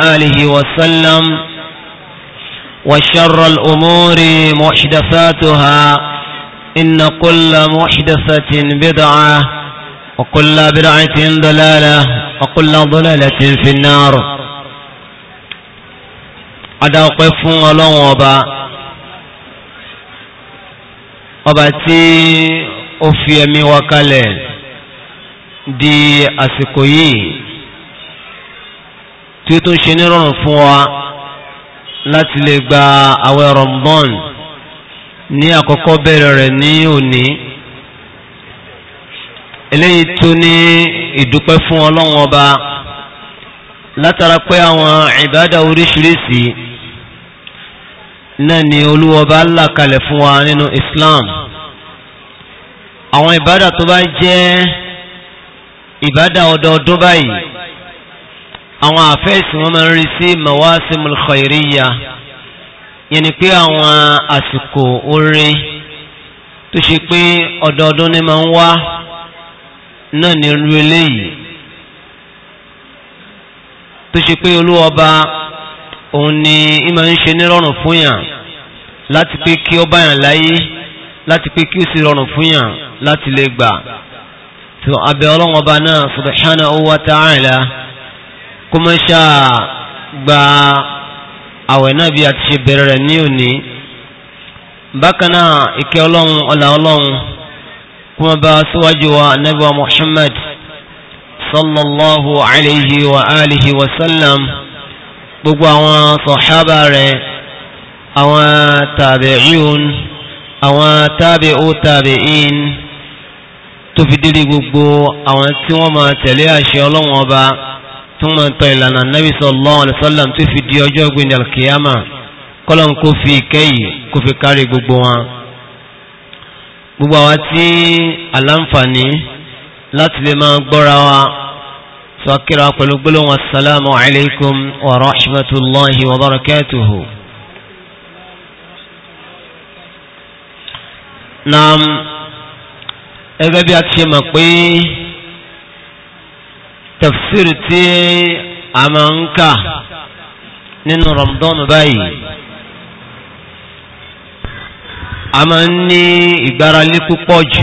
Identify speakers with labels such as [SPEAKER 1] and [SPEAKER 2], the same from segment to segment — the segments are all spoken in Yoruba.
[SPEAKER 1] آله وسلم وشر الأمور محدثاتها إن كل محدثة بدعة وكل بدعة ضلالة وكل ضلالة في النار أدا وقف الله وبا وباتي أفيمي وكالي دي أسكويي tí ó tún ṣe nírọ̀rùn fún wa láti lè gba àwẹ̀ Ramadan ní àkọ́kọ́ bẹ̀rẹ̀ rẹ̀ ní òní eléyìí tó ní ìdúpẹ́ fún ọlọ́run ọba látara pé àwọn ìbádà oríṣiríṣi náà ni olúwọba là kalẹ̀ fún wa nínú Islam àwọn ìbádà tó bá jẹ́ ìbádà ọdọọdún báyìí àwọn àfẹ́sì wọn máa ń rí sí mawasimul khairiyya yẹn ni pé àwọn àsìkò oore tó ṣe pé ọdọọdún ni máa ń wá náà ní irú eléyìí tó ṣe pé olúwọba òun ni ìmọ̀ ń ṣe nírọ̀rùn fún yàn láti pé kí ó yàn láyé láti pé kí ó sì rọrùn fún yàn láti lè gbà tó abẹ́ ọlọ́wọ́ba náà subhanahu wa ta'ala kó mọ́ ṣáà gba àwẹ̀ náà bí a ti ṣe bẹ̀rẹ̀ rẹ̀ ní òní bákan náà ìkẹ́ ọlọ́run ọlà ọlọ́run kó mọ́ bá síwájú wa anábíwá Muhammad sallallahu alayhi wa alihi wa sallam gbogbo àwọn sọ̀hábà rẹ̀ àwọn tàbí'un àwọn tàbí'u tàbí'in tó fi dédé gbogbo àwọn tí wọ́n máa tẹ̀lé àṣẹ ọlọ́run ọba tó máa tọ ìlànà nabi sallallahu alaihi wasallam tó fi di ọjọ́ gbẹ̀ndẹ̀ alkiyama kọ́lọ̀ ń kó fi ìkẹ́yì kó fi kárí gbogbo wọn gbogbo àwa tí aláǹfààní láti lè máa gbọ́ra wa sọ́kìrà pẹ̀lú gbólóhùn assalamu alaikum wa rahmatullahi wa barakatuhu naam ẹgbẹ́ bí a ti ṣe mọ̀ pé تفسير تي أمانكا نين رمضان باي أماني إبارة لكو قوج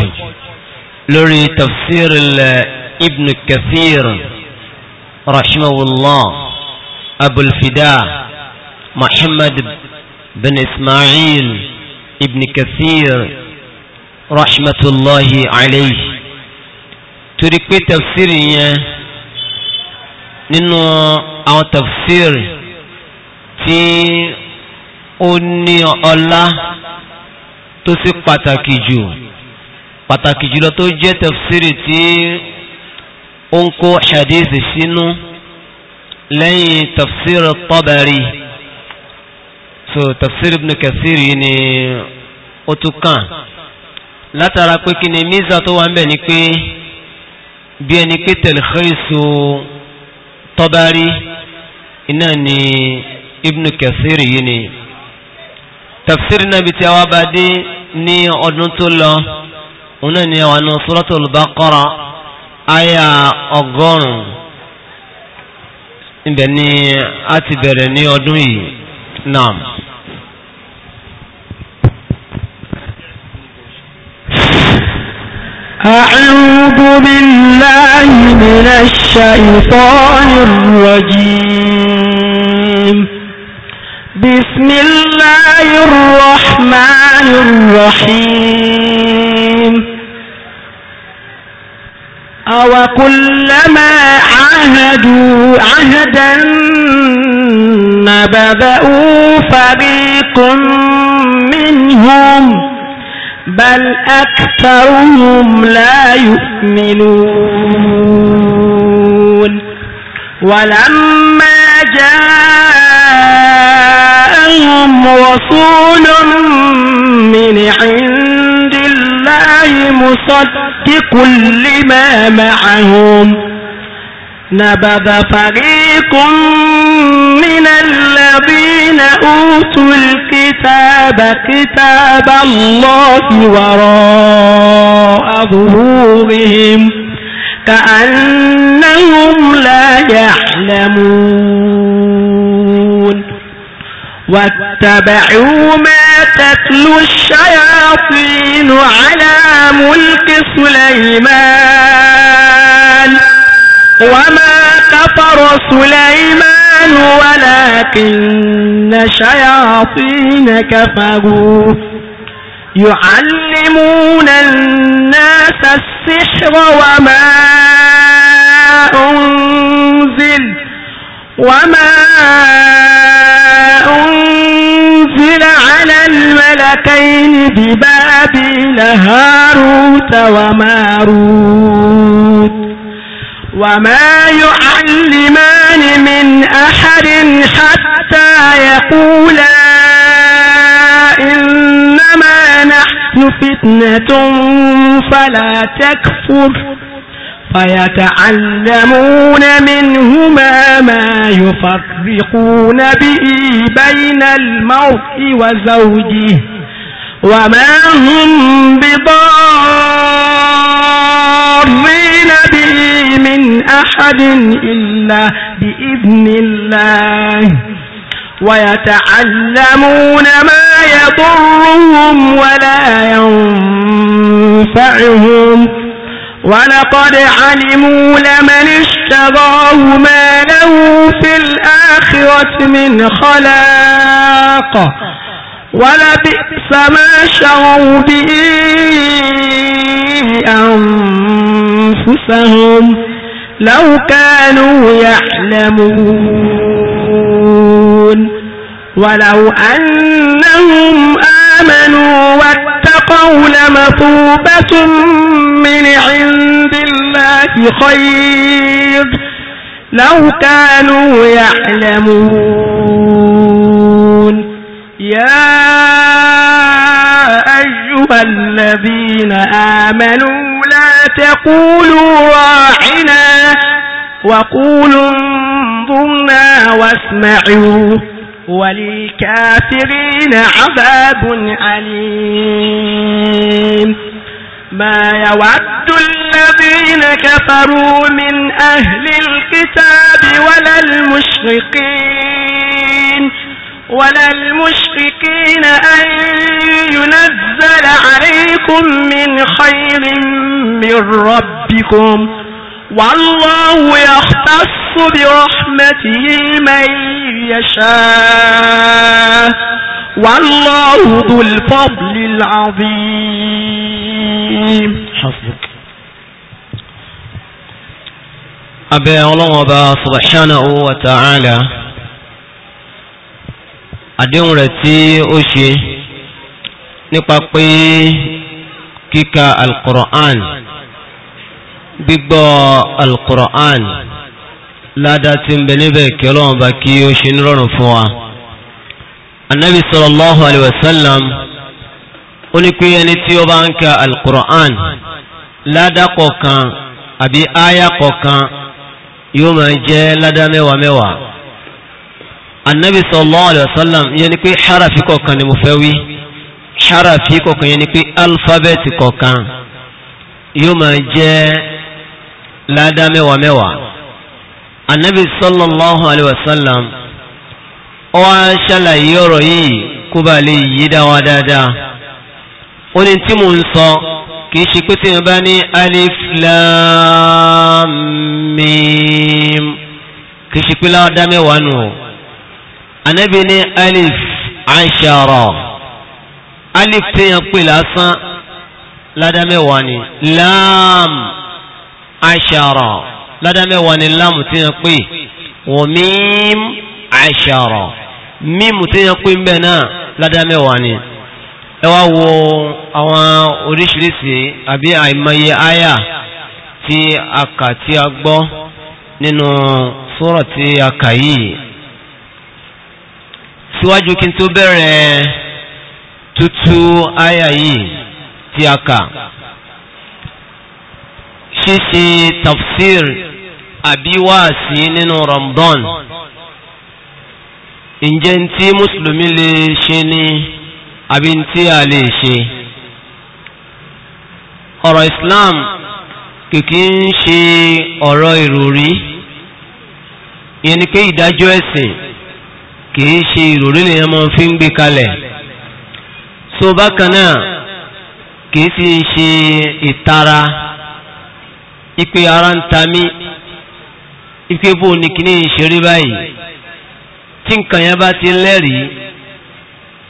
[SPEAKER 1] لوري تفسير ابن كثير رحمه الله أبو الفداء محمد بن إسماعيل ابن كثير رحمة الله عليه تريكو تفسير nínú àwọn tafsiri tí ó ní ọlá tó sì pàtàkì jù pàtàkì jùlọ tó jẹ́ tafsiri tí ó ń kó hadith sínú lẹ́yìn tafsir Tabari so tafsir Ibn Kathir ni ó tún kàn látara pé kí ni mísà tó wà ń bẹ̀ ni pé bí ẹni pé tẹ̀lé xẹ́rìsù. Tabari iná ni Ibn Kathir yìí ni tafsir náà bí ti àwọn bá dé ní ọdún tó lọ òun náà ni àwọn àna Suratul Baqara àyà ọgọ́rùn-ún ibẹ̀ ni a ti bẹ̀rẹ̀ ní ọdún yìí náà.
[SPEAKER 2] أعوذ بالله من الشيطان الرجيم بسم الله الرحمن الرحيم أو كلما عهدوا عهدا نبذوا فريق منهم بل أكثرهم لا يؤمنون ولما جاءهم رسول من عند الله مصدق لما معهم نبذ فريق من الذين أوتوا الكتاب كتاب الله وراء ظهورهم كأنهم لا يعلمون واتبعوا ما تتلو الشياطين على ملك سليمان وما كفر سليمان ولكن شياطين كفروا يعلمون الناس السحر وما أنزل وما أنزل على الملكين ببابل هاروت وماروت وما يعلمان من أحد حتى يقولا إنما نحن فتنة فلا تكفر فيتعلمون منهما ما يفرقون به بين المرء وزوجه وما هم بضارين من أحد إلا بإذن الله ويتعلمون ما يضرهم ولا ينفعهم ولقد علموا لمن اشتراه ما له في الآخرة من خلاق ولبئس ما شروا به أنفسهم لو كانوا يعلمون ولو أنهم آمنوا واتقوا لمثوبة من عند الله خير لو كانوا يعلمون يا أيها الذين آمنوا تقولوا راحنا وقولوا انظرنا واسمعوا وللكافرين عذاب عليم ما يود الذين كفروا من أهل الكتاب ولا المشرقين ولا المشركين أن ينزل عليكم من خير من ربكم والله يختص برحمته من يشاء والله ذو الفضل العظيم
[SPEAKER 3] حفظك
[SPEAKER 1] أبي الله سبحانه وتعالى àdéhùn rẹ̀ tí ó ṣe nípa pé kíka al-Qur'an gbígbọ́ al-Qur'an ládá tí ń bẹ níbẹ̀ kí ọlọ́run bá kí ó ṣe nírọ̀rùn fún wa annabi sallallahu alaihi wasallam ó ní pé ẹni tí ó bá ń ka al ládá kọ̀ọ̀kan àbí áyà kọ̀ọ̀kan yóò máa jẹ́ ládá mẹ́wàá mẹ́wàá annabi sallallahu alaihi wasallam yẹn ni pé harafi kọ̀ọ̀kan ni mo fẹ́ wí harafi kọ̀ọ̀kan yẹn ni pé alifábẹ́ẹ̀tì kọ̀ọ̀kan yóò máa jẹ́ ládá mẹ́wàá mẹ́wàá annabi sallallahu alaihi wasallam ó wá ṣàlàyé ọ̀rọ̀ yìí kó bá lè yí dáwà dáadáa ó ní tí mò ń sọ kìí ṣe pé tí wọ́n bá ní alif lam mim ṣe pé láwọn dá mẹ́wàá nù ọ́ anabi ní alif ashara alif téèyàn pè lásán ládàmẹ́wàá ni lam ashara ládàmẹ́wàá ni lam téèyàn pè wa mim ashara mímu téèyàn pè ń bẹ̀ náà ládàmẹ́wàá ni ẹ wá wo àwọn oríṣiríṣi àbí àìmọye àyà tí a kà tí a gbọ́ nínú sura tí a kà yìí síwájú kí n tó bẹ̀rẹ̀ tútú àyà yìí tí a kà ṣíṣe tafsir àbí wáàsí nínú Ramadan ǹjẹ́ tí mùsùlùmí lè ṣe ní àbí tí a lè ṣe ọ̀rọ̀ Islam kìkì ń ṣe ọ̀rọ̀ ìròrí ìyẹn ìdájọ́ ẹ̀sìn kìí ṣe ìròrí lèyàn máa fi ń gbé kalẹ̀ so bákan náà kìí sì ṣe ìtara ipe ara ń ta mí ipe bó ni kìíní ìṣeré báyìí tí nǹkan yẹn bá ti lẹ́rìí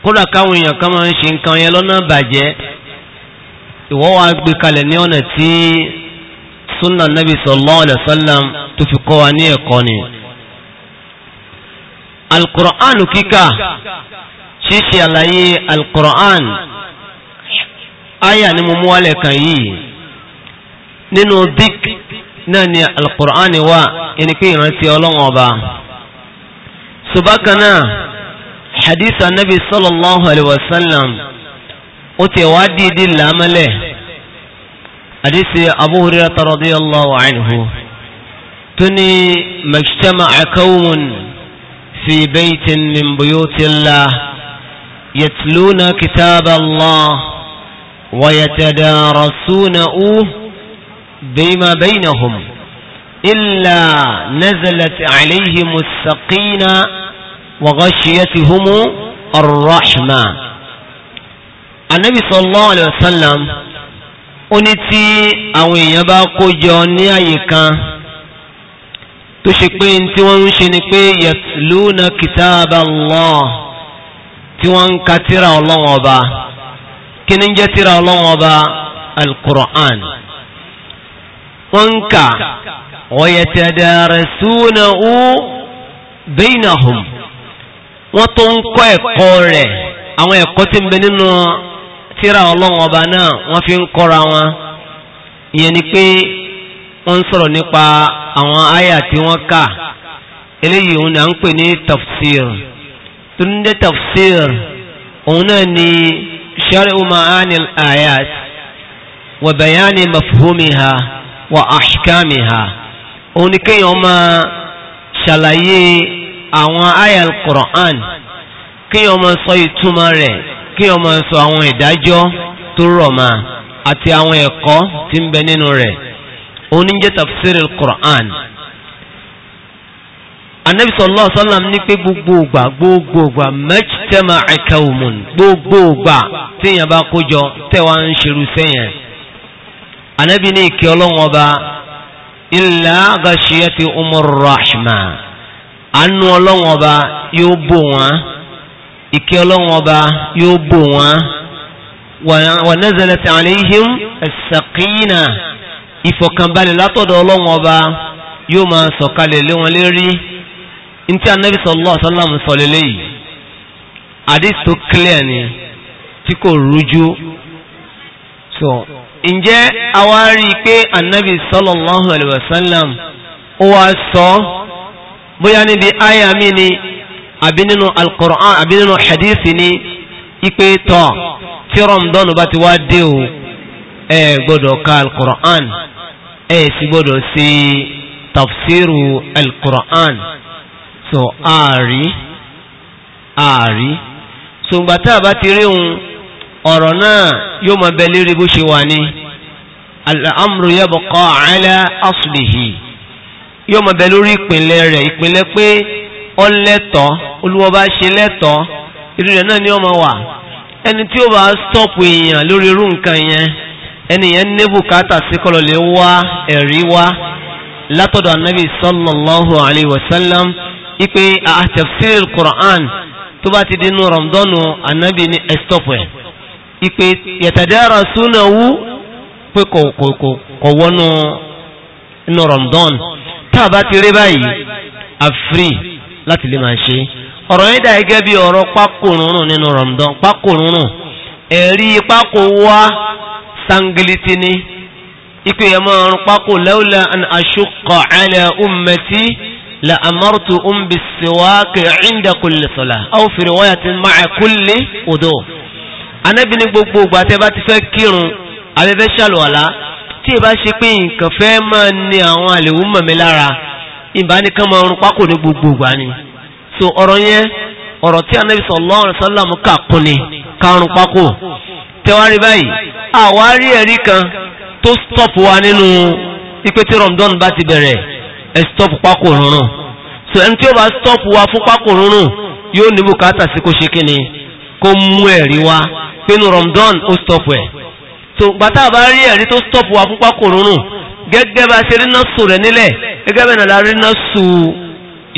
[SPEAKER 1] kódà káwọn èèyàn kan máa ń ṣe nǹkan yẹn lọ́nà bàjẹ́ ìwọ wa gbé kalẹ̀ ní ọ̀nà tí sunna nabi sallallahu alaihi wasallam tó fi kọ́ wa ní ẹ̀kọ́ ni alkùrọ̀ánù kíkà ṣíṣe àlàyé alkùrọ̀án ayà ni mo mú wálẹ̀ kan yìí nínú dík náà ni alkùrọ̀án wà ẹni pé ìrántí ọlọ́wọ́n ọba subakana hadith anabi sallallahu alaihi wasallam ó ti wá dìídì lámẹ́lẹ̀ hadith abu hurairah radiyallahu anhu tó majtama'a qawmun في بيت من بيوت الله يتلون كتاب الله ويتدارسونه بما بينهم إلا نزلت عليهم السقينة وغشيتهم الرحمة النبي صلى الله عليه وسلم أنتي أو tí àwọn èèyàn tó ṣe pé tí wọ́n ń ṣe ni pé yatluna kitaba Allah tí wọ́n ń ka tíra ọlọ́wọ́n ọba kí ni ń jẹ́ tíra ọlọ́wọ́n ọba al-Qur'an wọ́n ń kà wa yatadarasunahu bainahum wọ́n tó ń kọ́ ẹ̀kọ́ rẹ̀ àwọn ẹ̀kọ́ tí ń bẹ nínú tíra ọlọ́wọ́n ọba náà wọ́n fi ń kọ́ra wọn ìyẹn ni pé wọ́n ń sọ̀rọ̀ nípa àwọn àyà tí wọ́n kà eléyìí òun náà ń pè ní tafsir tó ń dé tafsir òun náà ni shar'u ma'ani al-ayat wa bayani mafhumiha wa ahkamiha òun ni kéèyàn máa ṣàlàyé àwọn àyà al kéèyàn máa sọ ìtumọ̀ rẹ̀ kéèyàn máa sọ àwọn ìdájọ́ tó rọ̀ mọ́ àti àwọn ẹ̀kọ́ tí ń bẹ nínú rẹ̀ òun ní jẹ́ tafsir al-Qur'an anabi sallallahu alaihi wasallam ní pé gbogbogbà gbogbogbà majtama'a qawmun gbogbogbà tíyàn bá kójọ tẹ́wà ń ṣerú sẹ́yìn anabi ní ìkẹ́ ọlọ́wọ́n ọba illa ghashiyati umar rahma anu ọlọ́wọ́n ọba yóò bò wọ́n ìkẹ́ ọlọ́wọ́n ọba yóò bò wọ́n wa nazalat alayhim as-saqina ìfọ̀kànbalẹ̀ látọ̀dọ̀ ọlọ́wọ́n ọba yóò máa sọ̀kalẹ̀ lé wọn lérí ntí anabi sallallahu alaihi wasallam sọ lélẹ̀ yìí àdìs tó clear ni tí kò rújú sọ ǹjẹ́ àwa rí i pé anabi sallallahu alaihi ó wá sọ bóyá níbi àyà ni àbí nínú al àbí nínú hadisi ni ipe tọ̀ tí rọ̀mùdọ́nù bá ti wá dé o ẹ gbọ́dọ̀ ka al ẹ̀ sì gbọ́dọ̀ ṣe tafsiru al-Qur'an so ààrí ààrí so ǹgbà tá a bá ti rí òun ọ̀rọ̀ náà yóò máa bẹ lérí bó ṣe wà ní al-amru yabqa ala aslihi yóò máa bẹ lórí ìpínlẹ̀ rẹ̀ ìpínlẹ̀ pé ọ lẹ́tọ̀ọ́ olúwọba ṣe lẹ́tọ̀ọ́ irú rẹ̀ náà ni ó máa wà ẹni tí ó bá stọ́pù èèyàn lórí irú nǹkan yẹn ẹnìyẹn ní bùkátà sí kọlọ̀ lè wá ẹ̀rí wá látọ̀dọ̀ anábì sallallahu alayhi wa sallam ipe àtẹ̀fẹ́rẹ̀ Qur'an tó bá ti dínú rọ̀mdọ́nù anábì ní ẹ̀stọ́pẹ̀ ipe yẹ̀tàdára súnáwú pé kò wọnú inú rọ̀mdọ́n tá a bá ti rí báyìí àfírí láti lè máa ṣe ọ̀rọ̀ yẹn dà gẹ́gẹ́ bí ọ̀rọ̀ pákòrùnrùn nínú rọ̀mdọ́n pákòrùnrùn ẹ̀rí pákò wá sangiliti ni ipe yẹn máa rún pákó lawla an ashukka ala ummati la amartu um bisiwaki inda kulli salah aw fi riwayatin ma'a kulli wudu anabi ni gbogbo ìgbà tẹ́ bá ti fẹ́ kírun abẹ́fẹ́ ṣàlùwàlá tí ìbá ṣe pé nǹkan fẹ́ máa ní àwọn àlèwú mọ̀mí lára ìbánikan máa rún pákó ní gbogbo ìgbà ni so ọ̀rọ̀ yẹn ọ̀rọ̀ tí anabi sallallahu alaihi wasallam kà kún ni karùn-ún pákó tẹwárí báyìí àwárí ẹ̀rí kan tó stọ́pù wa nínú ipe tí rọ̀mdọ́n bá ti bẹ̀rẹ̀ ẹ̀ stọ́pù pákó rúnrún so ẹni tí ó bá stọ́pù wa fún pákó rúnrún yóò ní bùkátà sí kó ṣe kí ni kó mú ẹ̀rí wa pinnu rọ̀mdọ́n ó stọ́pù ẹ̀ so gbàtà bá rí ẹ̀rí tó stọ́pù wa fún pákó rúnrún gẹ́gẹ́ bá ṣe rí nọ́ọ̀sù rẹ̀ nílẹ̀ gẹ́gẹ́ bẹ́ẹ̀ náà rí nọ́ọ̀sù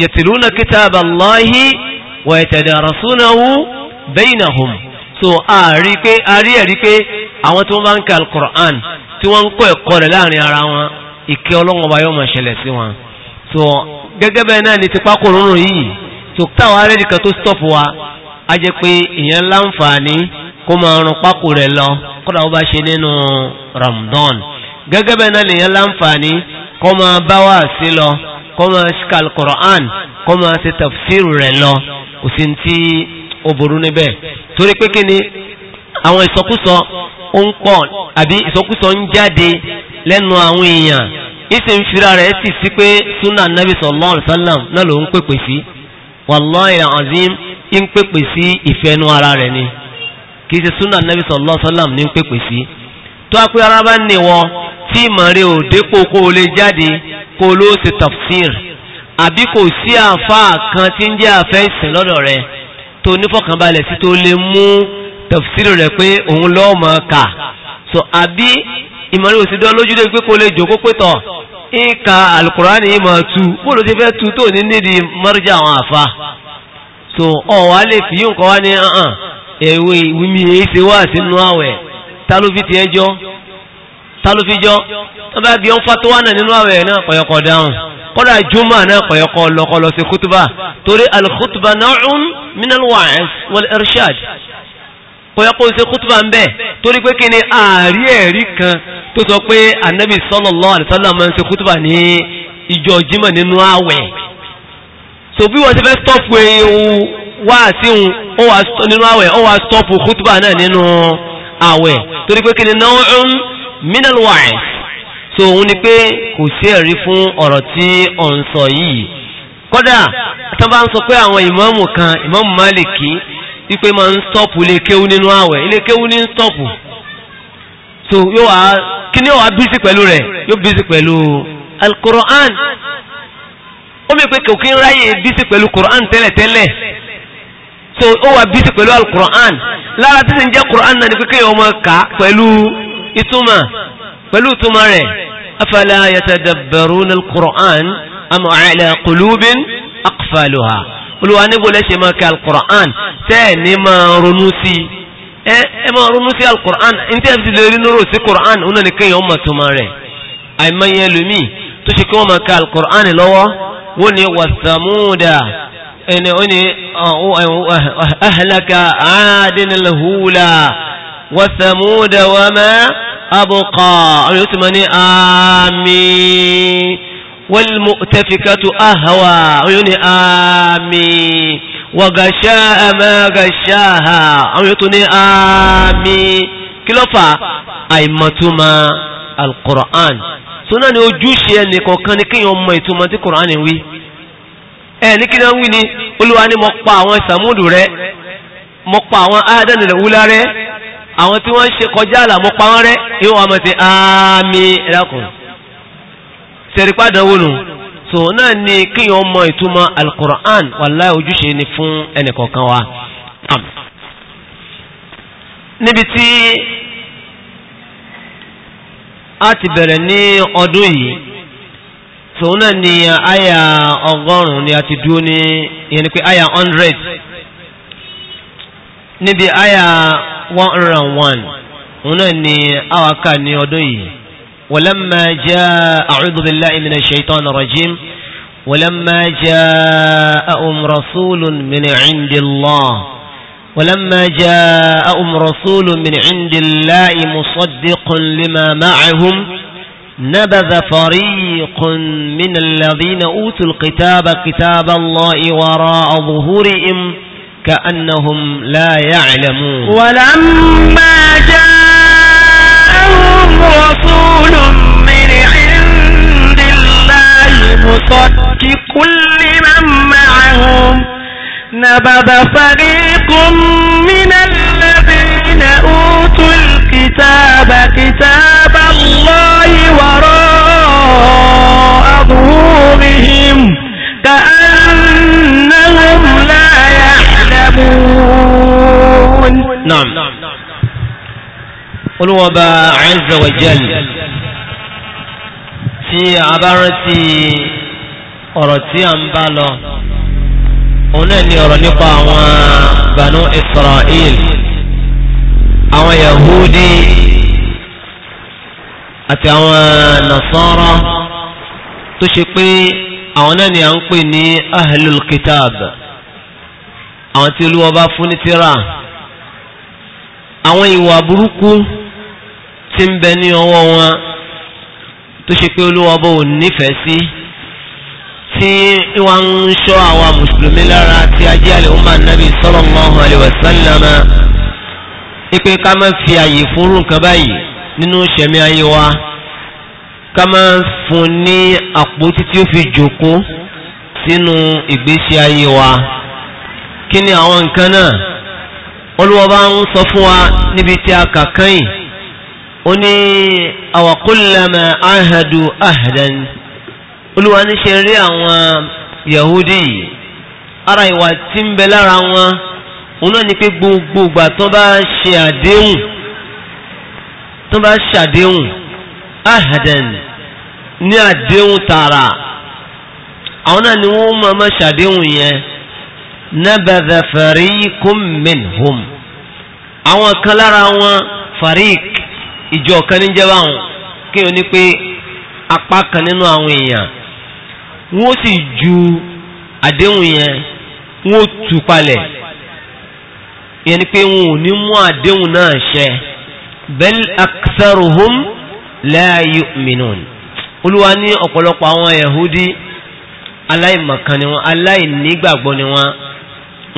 [SPEAKER 1] yatluna kitaba Allahi wa yatadarasunahu bainahum so a rí pé a ẹ̀rí pé àwọn tí wọ́n bá ń ka alukur'an tí wọ́n ń kọ́ ẹ̀kọ́ rẹ̀ láàrin ara wọn ìkẹ́ ọlọ́run ọba yóò máa ṣẹlẹ̀ sí wọn so gẹ́gẹ́ bẹ́ẹ̀ náà ni tipa kòrónù yìí so táwọn arẹ́dì kan tó stop wa a jẹ́ pé ìyẹn láǹfààní kó máa rún pákó rẹ̀ lọ kódà ó bá ṣe nínú Ramadan gẹ́gẹ́ bẹ́ẹ̀ náà nìyẹn láǹfààní kó máa bá wà sí lọ kó máa ṣíkà alukur'an kó máa ṣe tafsiru rẹ̀ lọ kò sí ní tí ó burú níbẹ̀ torí pé kí ni àwọn ìsọkúsọ ń pọ̀ àbí ìsọkúsọ ń jáde lẹ́nu àwọn èèyàn ìsìn ń fira rẹ̀ sì sí pé sunna nabi sallallahu alayhi wa sallam náà ló ń pèpè sí wallahi azim ń pèpè sí ìfẹ́nu ara rẹ̀ ni kì í ṣe sunna nabi sallallahu alayhi wa sallam ní ń pèpè sí tó a pé ara bá ń níwọ tí ìmọ̀ ò dépò kó o lè jáde kó o ló ṣe tafsir àbí kò sí àáfàá kan tí ń jẹ́ àfẹ́ ìsìn lọ́dọ̀ rẹ̀ tó nífọ̀kànbalẹ̀ sí tó lè mú tafsiru rẹ̀ pé òun lọ́ọ́ mọ̀ ká so àbí ìmọ̀lẹ́ òsì dán lójú dé pé kó lè jòkó pé tọ̀ nǹka alukurani ìmọ̀ tu bóòlù ti fẹ́ tu tó ní nídìí mọ́rìjà àwọn àfa so ọ̀wá lè fi yín kọ́ wá ní hàn ẹ̀wẹ̀ ìwími èyí ṣe wá sínú àwẹ̀ ta ló fi tiẹ̀ jọ́ ta ló fi jọ́ tó bá bí ọ́n fatuwa náà nínú àwẹ̀ náà kọ̀yọ̀kọ̀ dáhùn kọ́dà jùmọ̀ náà kọ̀yọ̀kọ̀ lọ́kọ̀ kútùbà torí alùkútùbà náà ń minal kò yẹ kó ṣe kútùbà ń bẹ̀ torí pé kí ni ààrí ẹ̀rí kan tó sọ pé anabi sallallahu alaihi wasallam máa ń ṣe kútùbà ní ìjọ jímọ̀ nínú àwẹ̀ so bí wọ́n ti fẹ́ stọ́pù ewu wá àti òun nínú àwẹ̀ ó wá stọ́pù kútùbà náà nínú àwẹ̀ torí pé kí ni náà ń minal wa'id so òun ni pé kò sí ẹ̀rí fún ọ̀rọ̀ tí ọ̀ ń sọ yìí kódà tó bá ń sọ pé àwọn ìmáàmù kan ìmáàmù Málìkì wípé máa ń stọ́pù ilé kéwú nínú àwẹ̀ ilé kéwú ní stọ́pù so yóò wá kí ni yóò wá bísí pẹ̀lú rẹ̀ yóò bísí pẹ̀lú al-Qur'an ó mi pé kò ń ráyè bísí pẹ̀lú Qur'an tẹ́lẹ̀tẹ́lẹ̀ so ó wá bísí pẹ̀lú al-Qur'an lára títí ń jẹ́ Qur'an náà ni pé kéèyàn ọmọ kà pẹ̀lú ìtumọ̀ pẹ̀lú ìtumọ̀ rẹ̀ afala yatadabbaruna al-Qur'an am ala qulubin aqfaluha. olúwa níbo lẹ́ṣẹ̀ máa kí alukur'an tẹ́ẹ̀ ní máa ronú sí ẹ ẹ máa ronú sí alukur'an ní tẹ́ẹ̀ fi lè rí nírò sí kur'an òun náà ní kéèyàn ọmọ tó máa rẹ̀ àìmọye ẹlòmíì tó ṣe kí wọ́n máa kí alukur'an lọ́wọ́ wọ́n ní wàsàmúdà ẹni ó ní ahlaka àádínlẹ̀húlà wàsàmúdà wàmẹ́ abùkà àwọn yóò ti máa ní àmín. والمؤتفكة أهوى عيون آمين وغشاء ما غشاها عيون آمين كلفا أي متما القرآن سنة نوجوشي أنك وكان كي يوم يتما دي قرآن وي ẹ ní kí náà wí ni olúwa ni mo pa àwọn sàmúdù rẹ mo pa àwọn ádánù rẹ wúlá rẹ àwọn tí wọ́n ń ṣe kọjá àlà mo pa wọ́n rẹ ìwọ̀n àmọ̀ sí àmì ẹ̀dàkùn sẹ̀rípá dánwò nù so náà ni kí yọ mọ ìtumọ̀ al-Qur'an wallahi ojúṣe ni fún ẹnìkọ̀ọ̀kan wa níbi tí a ti bẹ̀rẹ̀ ní ọdún yìí so náà ni àyà ọgọ́rùn-ún ni a ti dúró ní ìyẹn ni pé àyà 100 níbi àyà 101 òun náà ni àwákà ní ọdún yìí ولما جاء أعوذ بالله من الشيطان الرجيم ولما جاءهم رسول من عند الله ولما جاءهم رسول من عند الله مصدق لما معهم نبذ فريق من الذين أوتوا الكتاب كتاب الله وراء ظهورهم كأنهم لا يعلمون ولما
[SPEAKER 3] جاء
[SPEAKER 2] رسول من عند الله مصدق من معهم نبذ فريق من الذين أوتوا الكتاب كتاب الله وراء ظهورهم كأنهم لا يعلمون
[SPEAKER 3] نعم
[SPEAKER 1] olúwọba azza wa jal tí a bá rántí ọ̀rọ̀ tí a ń bá lọ òun náà ni ọ̀rọ̀ nípa àwọn banu israel àwọn yahudi àti àwọn nasara tó ṣe pé àwọn náà ni à ń pè ní ahlul kitab àwọn tí olúwọba fún ní tírà àwọn ìwà burúkú tí ń bẹ ní ọwọ́ wọn tó ṣe pé olúwa bò nífẹ̀ẹ́ sí tí wọ́n ń ṣọ́ àwa mùsùlùmí lára tí ajé àlẹ́ ọmọ anábì sallallahu alaihi wasallam ipe ká má fi àyè fúnrú nǹkan báyìí nínú ìṣẹ̀mí ayé wa ká má fún ní àpótí tí ó fi jòkó sínú ìgbésí ayé wa kí ni àwọn nǹkan náà olúwa bá ń sọ fún wa níbi tí a kà kẹ́yìn. ó ní àwàkúlẹ̀mẹ̀ ahadu ahadan olúwa ní ṣe rí àwọn yahudi ara ìwà tí ń bẹ lára wọn òun náà ni pé gbogbo ìgbà tó bá ṣe àdéhùn tó bá ṣe àdéhùn ahadan ní àdéhùn tààrà àwọn náà ni wọ́n máa ma ṣàdéhùn yẹn nabadha fariqum àwọn kan lára wọn fariq ìjọ kan ní jẹ́ báwọn kí o ní pé apá kan nínú àwọn èèyàn wọ́n sì ju àdéhùn yẹn wọ́n tú palẹ̀ ìyẹn ni pé wọn ò ní mú àdéhùn náà ṣẹ bal aktharuhum la yu'minun olúwa ní ọ̀pọ̀lọpọ̀ àwọn yahudi aláìmọ̀kan ni wọ́n aláìnígbàgbọ́ ni wọ́n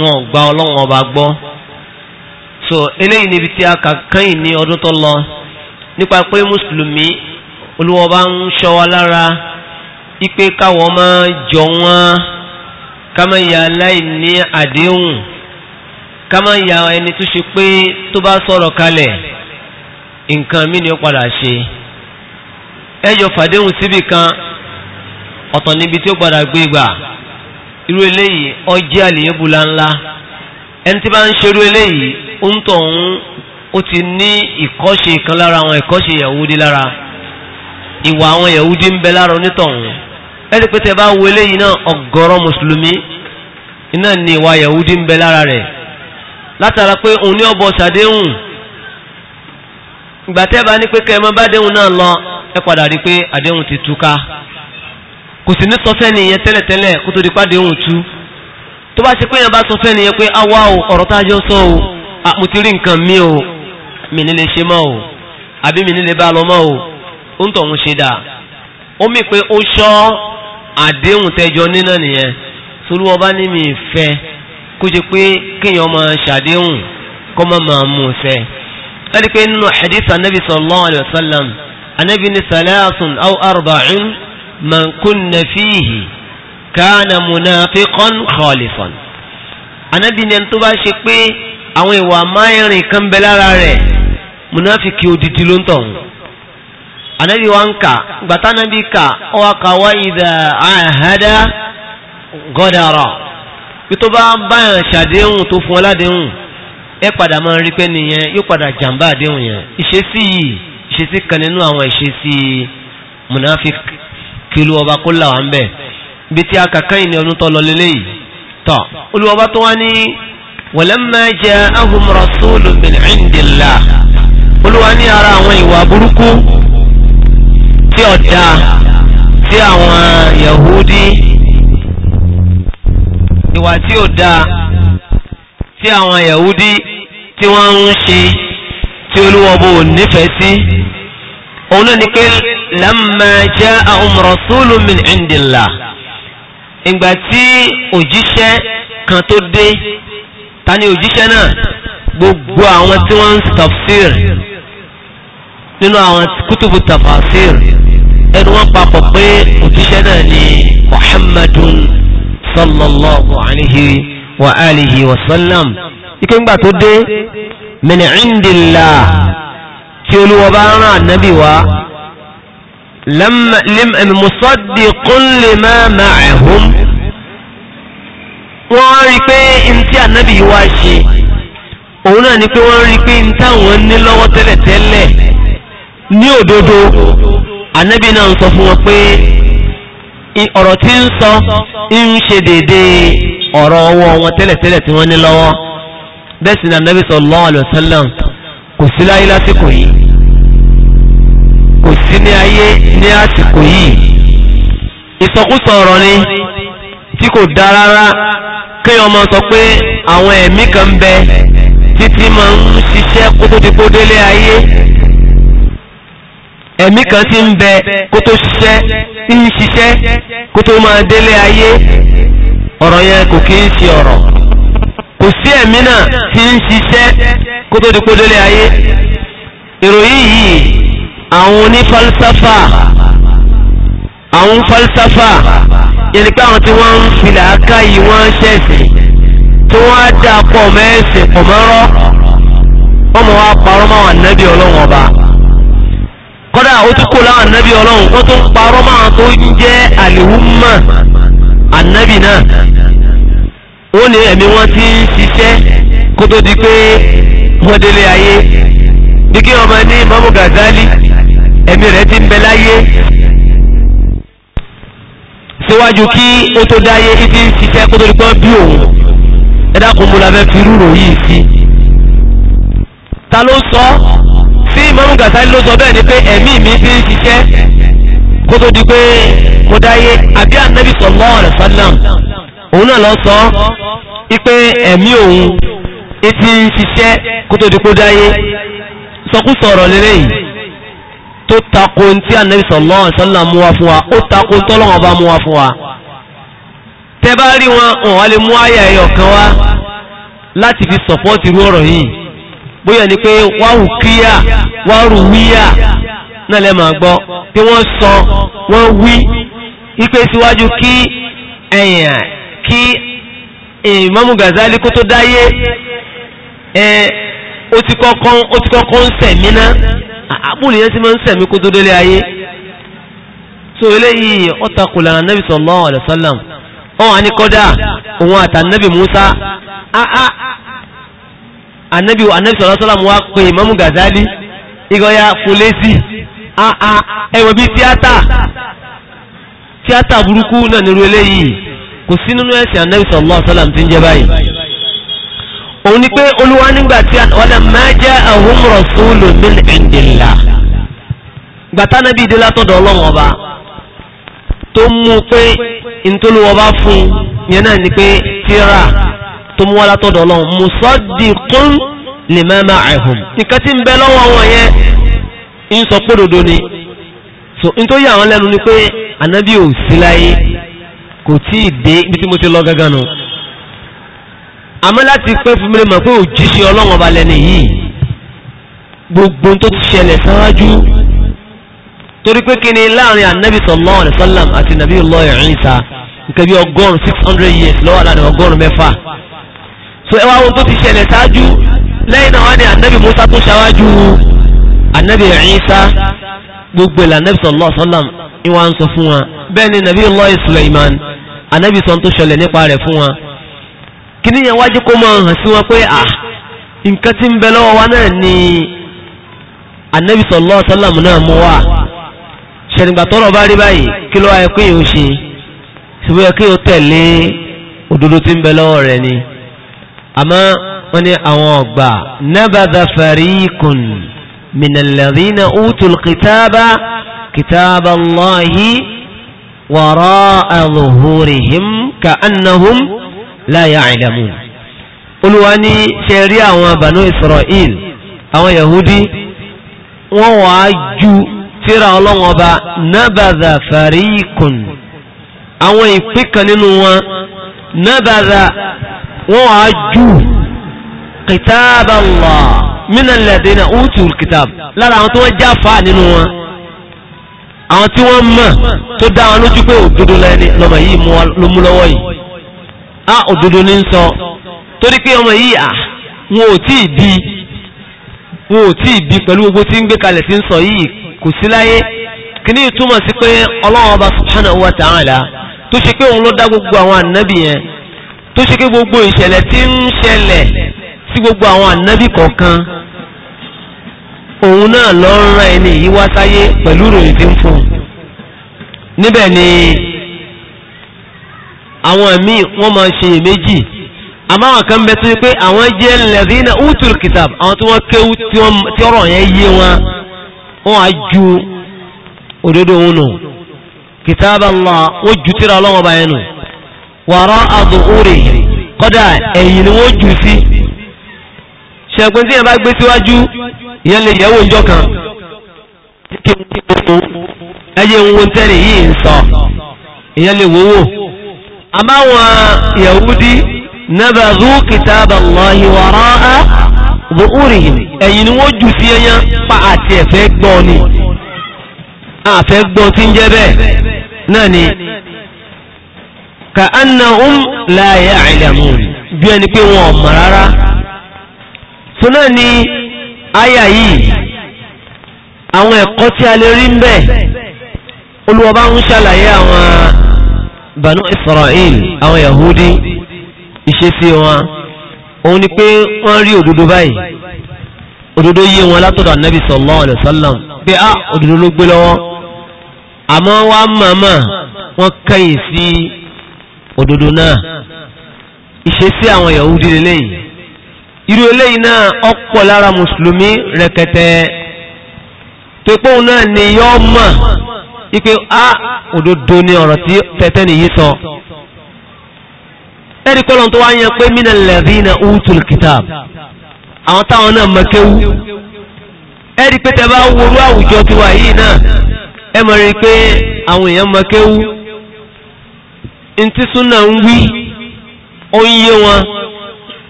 [SPEAKER 1] wọn ò gba ọlọ́wọ́n ọba gbọ́ so eléyìí níbi tí a kà kẹ́yìn ní ọdún tó lọ nípa pé mùsùlùmí olúwọ́ bá ń ṣọ́ wa lára ipe káwọn máa jọ wọn kámá ya aláìní àdéhùn kámá ya ẹni tó ṣe pé tó bá sọ̀rọ̀ kalẹ̀ nǹkan mí ni ó padà ṣe ẹjọ fàdéhùn síbì kan ọ̀tọ̀ níbi tí ó padà gbé gbà irú eléyìí ọjẹ́ àlèébù láńlá ẹni tí bá ń ṣerú eléyìí ó ń tọ̀ ń ó ti ní ìkọ́ṣe kan lára àwọn ìkọ́ṣe yahudi lára ìwà àwọn yahudi ń bẹ lára onítọ̀hún ẹni pé tẹ bá wo eléyìí náà ọ̀gọ̀rọ̀ mùsùlùmí iná ní ìwà yahudi ń bẹ lára rẹ̀ látara pé òun ní ọbọ̀ sàdéhùn ìgbà tẹ́ bá ní pé kẹ́ ẹ mọ́ bá déhùn náà lọ ẹ padà rí pé àdéhùn ti túká kò sì ní sọ fẹ́ni yẹn tẹ́lẹ̀tẹ́lẹ̀ kó tó di pàdéhùn tú tó bá ṣe pé yẹn bá sọ fẹ́ni yẹn pé awa o ọ̀rọ̀ tá a jọ sọ o mo ti rí nǹkan mi o mi nílé ṣe mọ́ o àbí mi nílé bá lọ mọ́ o ó ń tọ̀hún ṣe dà ó mì pé ó ṣọ́ àdéhùn tẹjọ nínà nìyẹn solú ọba ní mi fẹ́ kó ṣe pé kéèyàn máa ṣàdéhùn kó má máa mú fẹ́ ẹni pé nínú hadith anabi sallallahu alayhi wa sallam anabi ní salasun aw arba'un man kunna fihi kana munafiqan khalisan anabi ní ẹni tó bá ṣe pé àwọn ìwà máìrìn kan bẹ lára rẹ̀ munafiki odidi ló ń tọ̀ anabi wa ń kà gbàtà anabi kà ọ wa kà wá ìdá àhádá gọdàrọ tó bá báyàn ṣàdéhùn tó fún ọládéhùn ẹ padà máa rí pé nìyẹn yóò padà jàǹbá àdéhùn yẹn ìṣesí yìí ìṣesí kan nínú àwọn ìṣesí munafiki ọba kó là wà ń bẹ bí tí a kàkán ìní ọdún tó lọ lélẹ́yìí tọ́ olùwọ́ba tó wá ní walamma ja'ahum rasulun min indillah olúwa ní ara àwọn ìwà burúkú tí ọ̀dà tí àwọn yahudi ìwà tí ò dáa tí àwọn yahudi tí wọ́n ń ṣe tí olúwa bò nífẹ̀ẹ́ sí òun náà ni pé lamma ja'ahum rasulun min indillah ìgbà tí òjíṣẹ́ kan tó dé ta ni òjíṣẹ́ náà gbogbo àwọn tí wọ́n ń tafsir nínú àwọn kútùbù tafasir ẹnu wọn papọ̀ pé òjíṣẹ́ náà ni muhammadun sallallahu alayhi wa alihi wa sallam
[SPEAKER 2] ike ńgbà tó dé
[SPEAKER 1] min indillah tí olúwa bá rán ànábì wá musaddiqun lima ma'ahum wọ́n rí pé ntí ànábì wá ṣe òun náà ni pé wọ́n rí pé ntáwọn ní lọ́wọ́ tẹ́lẹ̀tẹ́lẹ̀ ní òdodo ànábì náà ń sọ fún wọn pé ọ̀rọ̀ tí ń sọ ń ṣe déédéé ọ̀rọ̀ ọwọ́ wọn tẹ́lẹ̀tẹ́lẹ̀ tí wọ́n ní lọ́wọ́ bẹ́ẹ̀ sì ni ànábì sallallahu alaihi wasallam kò sí láyé lásìkò yìí kò sí ní ayé ní àsìkò yìí ìsọkúsọ ọ̀rọ̀ ni tí kò dáa rárá kéèyàn máa sọ pé àwọn ẹ̀mí kan bẹ títí máa ń ṣiṣẹ́ kótódipó ayé ẹ̀mí kan ti ń bẹ kó tó ṣiṣẹ́ ń ṣiṣẹ́ kó tó máa délé ayé ọ̀rọ̀ yẹn kò kí ń ṣe ọ̀rọ̀ kò sí ẹ̀mí náà
[SPEAKER 3] ti ń ṣiṣẹ́
[SPEAKER 1] kó tó di kó délé ayé ìròyìn yìí àwọn onífalsafa àwọn falsafa yẹn ni pé àwọn tí wọ́n ń filẹ̀ aká yìí wọ́n ń ṣẹ̀sìn tí wọ́n á dà pọ̀ mẹ́sìn pọ̀ mọ́rọ́ wọ́n mọ̀ wá parọ́ mọ́ àwọn ànábì ọlọ́wọ́n ọba kọ́dà ó tún kó láwọn ànábì ọlọ́run wọ́n tún parọ́ máa tó ń jẹ́ àlìwúmà ànábì náà ó ní ẹ̀mí wọn ti ń ṣiṣẹ́ kó tó di pé wọ́n délé ayé bí kí ọmọ ní Imamu Gazali ẹ̀mí rẹ̀ ti ń bẹ láyé síwájú kí ó tó dáyé ibi ń ṣiṣẹ́ kó tó di pé bí òun ẹ̀dá
[SPEAKER 2] kò mú la fẹ́ fi rúrò yìí sí ta ló sọ ọ́. Imam Ghazali ló sọ bẹ́ẹ̀ ni pé ẹ̀mí mi fi ń ṣiṣẹ́ kó tó di pé mo
[SPEAKER 1] dáyé àbí Ànábì sallallahu alaihi wasallam
[SPEAKER 3] òun náà lọ sọ
[SPEAKER 1] ipe ẹ̀mí òun ti ń ṣiṣẹ́ kó tó di pé ó dáyé
[SPEAKER 3] sọkúsọ ọ̀rọ̀ lélẹ́yìí
[SPEAKER 1] tó tako tí Ànábì sallallahu alaihi wasallam mú wa fún wa ó tako tọ́lọ́wọ́n bá mú wa fún wa tẹ́ bá rí wọn wọn wá lè mú àyà ẹ̀yọ̀ kan wá láti fi sọ̀pọ́ọ̀tì irú ọ̀rọ̀ yìí bóyá ni pé wáwù kíyà wáwù wíyà náà lẹ́ máa gbọ́ tí wọ́n sọ wọ́n wí ipe síwájú kí ẹ̀yàn kí Imamu Gazali kó tó dáyé ẹ ó ti kọ́kọ́ ó ti kọ́kọ́ ń sẹ̀mí ná àbúrò yẹn ti máa ń sẹ̀mí kó tó délé ayé so eléyìí ọ̀tàkùlà nàbì sallallahu alaihi wasallam ọ̀hún àníkọ́dà òun àtànàbì Musa anabi anabi sọlá sọlá mu wa pe imamu gazali igọya fulesi aa ah, ah, ẹwọ bíi tíátà tíátà burúkú náà nírú eléyìí kò sí nínú ẹsẹ anabi sọlá sọlá ti ń jẹ báyìí òun ni pé olúwa nígbà tí wàlẹ̀ máa jẹ́ ahum rasulu min indillah gbàtà nàbí ìdílé àtọ̀dọ̀ ọlọ́run ọba tó mú pé ntòlúwọ́ bá fún yẹn náà ni pé tíra tó mú wá látọ̀dọ̀ ọlọ́run musaddiqun lima ma'ahum nìkan tí ń bẹ lọ́wọ́ wọn yẹn ń sọ pé òdodo ni so n tó yà àwọn lẹ́nu ni pé ànábì ò sí láyé kò tí ì dé ibi tí mo ti lọ gángan nù àmọ́ láti pẹ́ fún mi mọ̀ pé òjíṣẹ́ ọlọ́run ọba lẹ́nu yìí gbogbo tó ti ṣẹlẹ̀ sáájú torí pé kí ni láàrin ànábì sallallahu alaihi àti nàbí Ọlọ́hun Ìsá nǹkan bí ọgọ́rùn-ún six hundred years lọ́wọ́ àlànà ọgọ́rùn-ún mẹ́fà so ẹ wá ohun tó ti ṣẹlẹ̀ ṣáájú lẹ́yìn náà wọ́n ní anabi musa tó ṣáwájú anabi isa gbogbo ìlànà anabi sallallahu alaihi ni wọ́n á sọ fún wa bẹ́ẹ̀ ni nabi allah suleiman anabi sọ tó ṣẹlẹ̀ nípa rẹ̀ fún wa kíní yẹn wájú kó máa hàn sí wọn pé à nǹkan tí ń bẹ lọ́wọ́ wa náà ni anabi sallallahu alaihi wasallam náà mú wa ṣẹ̀nìgbà tọ́rọ̀ bá rí báyìí kí ló wáyé pé yóò ṣe ṣùgbọ́n yẹ kí yóò tẹ̀lé òdodo tí ń bẹ lọ́wọ́ rẹ̀ ni àmọ́ wọ́n ní àwọn ọgbà nabadha fariqun minalladhina utul kitaba kitaba Allahi wara'a zuhurihim ka'annahum la ya'lamun. olùwà ní ṣe rí àwọn Banu Isra'il àwọn Yahudi wọ́n wàá ju tíra ọlọ́wọ́n ọba nabadha fariqun àwọn ìpín kan nínú wọn nabadha wọ́n á jù kìtàbà lọ mínà lẹ́dínà útù kìtàb lára àwọn tó wọ́n já fa nínú wọn àwọn tí wọ́n mọ̀ tó dá wọn lójú pé òdodo lẹ́ni lọ́mọ yìí ló mú lọ́wọ́ yìí á òdodo ní sọ torí pé ọmọ yìí à wọn ò tí ì bí wọn ò tí ì bí pẹ̀lú gbogbo tí ń gbé kalẹ̀ tí ń sọ yìí kò sí láyé kìíní ìtumọ̀ sí pé ọlọ́run ọba subhanahu wa ta'ala tó ṣe pé òun ló dá gbogbo àwọn ànábì yẹn tó ṣe pé gbogbo ìṣẹ̀lẹ̀ tí ń ṣẹlẹ̀ sí gbogbo àwọn ànábì kọ̀ọ̀kan òun náà lọ ń rán ẹni yìí wá sáyé pẹ̀lú ìròyìn tí ń fún un níbẹ̀ ni àwọn míì wọ́n máa ṣe èméjì àmọ́ àwọn kan bẹ tó ṣe pé àwọn jẹ́ lẹ́dínà utul kitab àwọn tí wọ́n kéwú tí ọ̀rọ̀ yẹn yé wọn wọ́n á ju òdodo òun nù kitab Allah wọ́n ju tíra ọlọ́wọ́ báyẹn nù wàrà àdùnkúrè kọ́dà ẹ̀yìn ni wọ́n jù sí ṣẹ̀gbọ́n tí yẹn bá gbé síwájú ìyẹn lè yẹ̀wò ìjọ kan ẹyẹ ohun tẹ́lẹ̀ yìí ń sọ ìyẹn lè wówó àmáwọn yahudi nabadhu kitaballahi wara'a dhuhurihim ẹ̀yìn ni wọ́n jù sí ẹyán pa àti ẹ̀fẹ́ gbọ́ ni àfẹ́ gbọ́ tí ń jẹ́ bẹ́ẹ̀ náà ni ka annahum la ya'lamun bí ẹni pé wọn ọ̀mọ̀ rárá tó náà ni àyà yìí àwọn ẹ̀kọ́ tí a lè rí ń bẹ̀ olùwọ́bá ń ṣàlàyé àwọn banu Israel àwọn Yahudi ìṣesí wọn òun ni pé wọ́n rí òdodo báyìí òdodo yé wọn látọ̀dọ̀ anabi sallallahu alayhi wa sallam pé a ah, òdodo ló gbé lọ́wọ́ àmọ́ wàá màmá wọ́n kẹ́yìn òdodo náà ìṣesí àwọn Yahudi lélẹ́yìn irú eléyìí náà ọ̀pọ̀ lára mùsùlùmí rẹ̀kẹ̀tẹ̀ tó náà ni yọ́ mọ̀ ipe a òdodo ni ọ̀rọ̀ tí tẹ́tẹ́ nìyí sọ ẹ̀rí kọ́lọ̀ tó wá yẹn pé minal ladhina utul kitab àwọn táwọn náà mọ̀kéwú ẹ̀rí pé tẹ́ bá wọlú àwùjọ tiwa yìí náà ẹ mọ̀ rí pé àwọn èèyàn mọ̀kéwú ntí suna ń wí ó ń yé wọn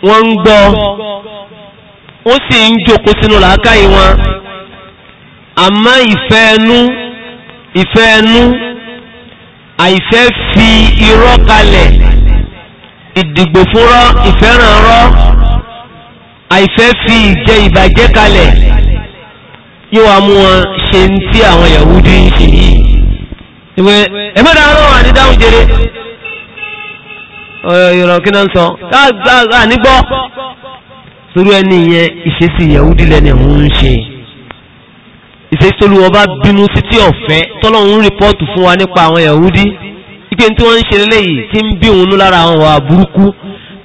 [SPEAKER 1] wọ́n ń
[SPEAKER 3] gbọ́
[SPEAKER 1] ó sì ń jókòó sínú làákàyè wọn àmọ́ ìfẹ́ ẹnu ìfẹ́ ẹnu àìfẹ́ fi irọ́ kalẹ̀ ìdìgbò fúnrọ́ ìfẹ́ràn rọ́ àìfẹ́ fi ìjẹ ìbàjẹ́ kalẹ̀ yóò wá mú wọn ṣe ń tí àwọn Yahudi ń ṣe yìí. ìwé ẹ̀mẹ́ta ọlọ́run
[SPEAKER 3] àti dáhùn jẹrẹ
[SPEAKER 1] ìrọ̀ kí náà ń sọ káàgbà nígbọ́ sórí ẹni yẹn ìṣesí yẹ̀húdí lẹ́ni òun ń ṣe ìṣesí olúwọ bá bínú sí tí ọ̀fẹ́ tọ́lọ́run rìpọ́ọ̀tù fún wa nípa àwọn yẹ̀húdí ike tí wọ́n ń ṣe lélẹ́yìí tí ń bí òun lára àwọn wà burúkú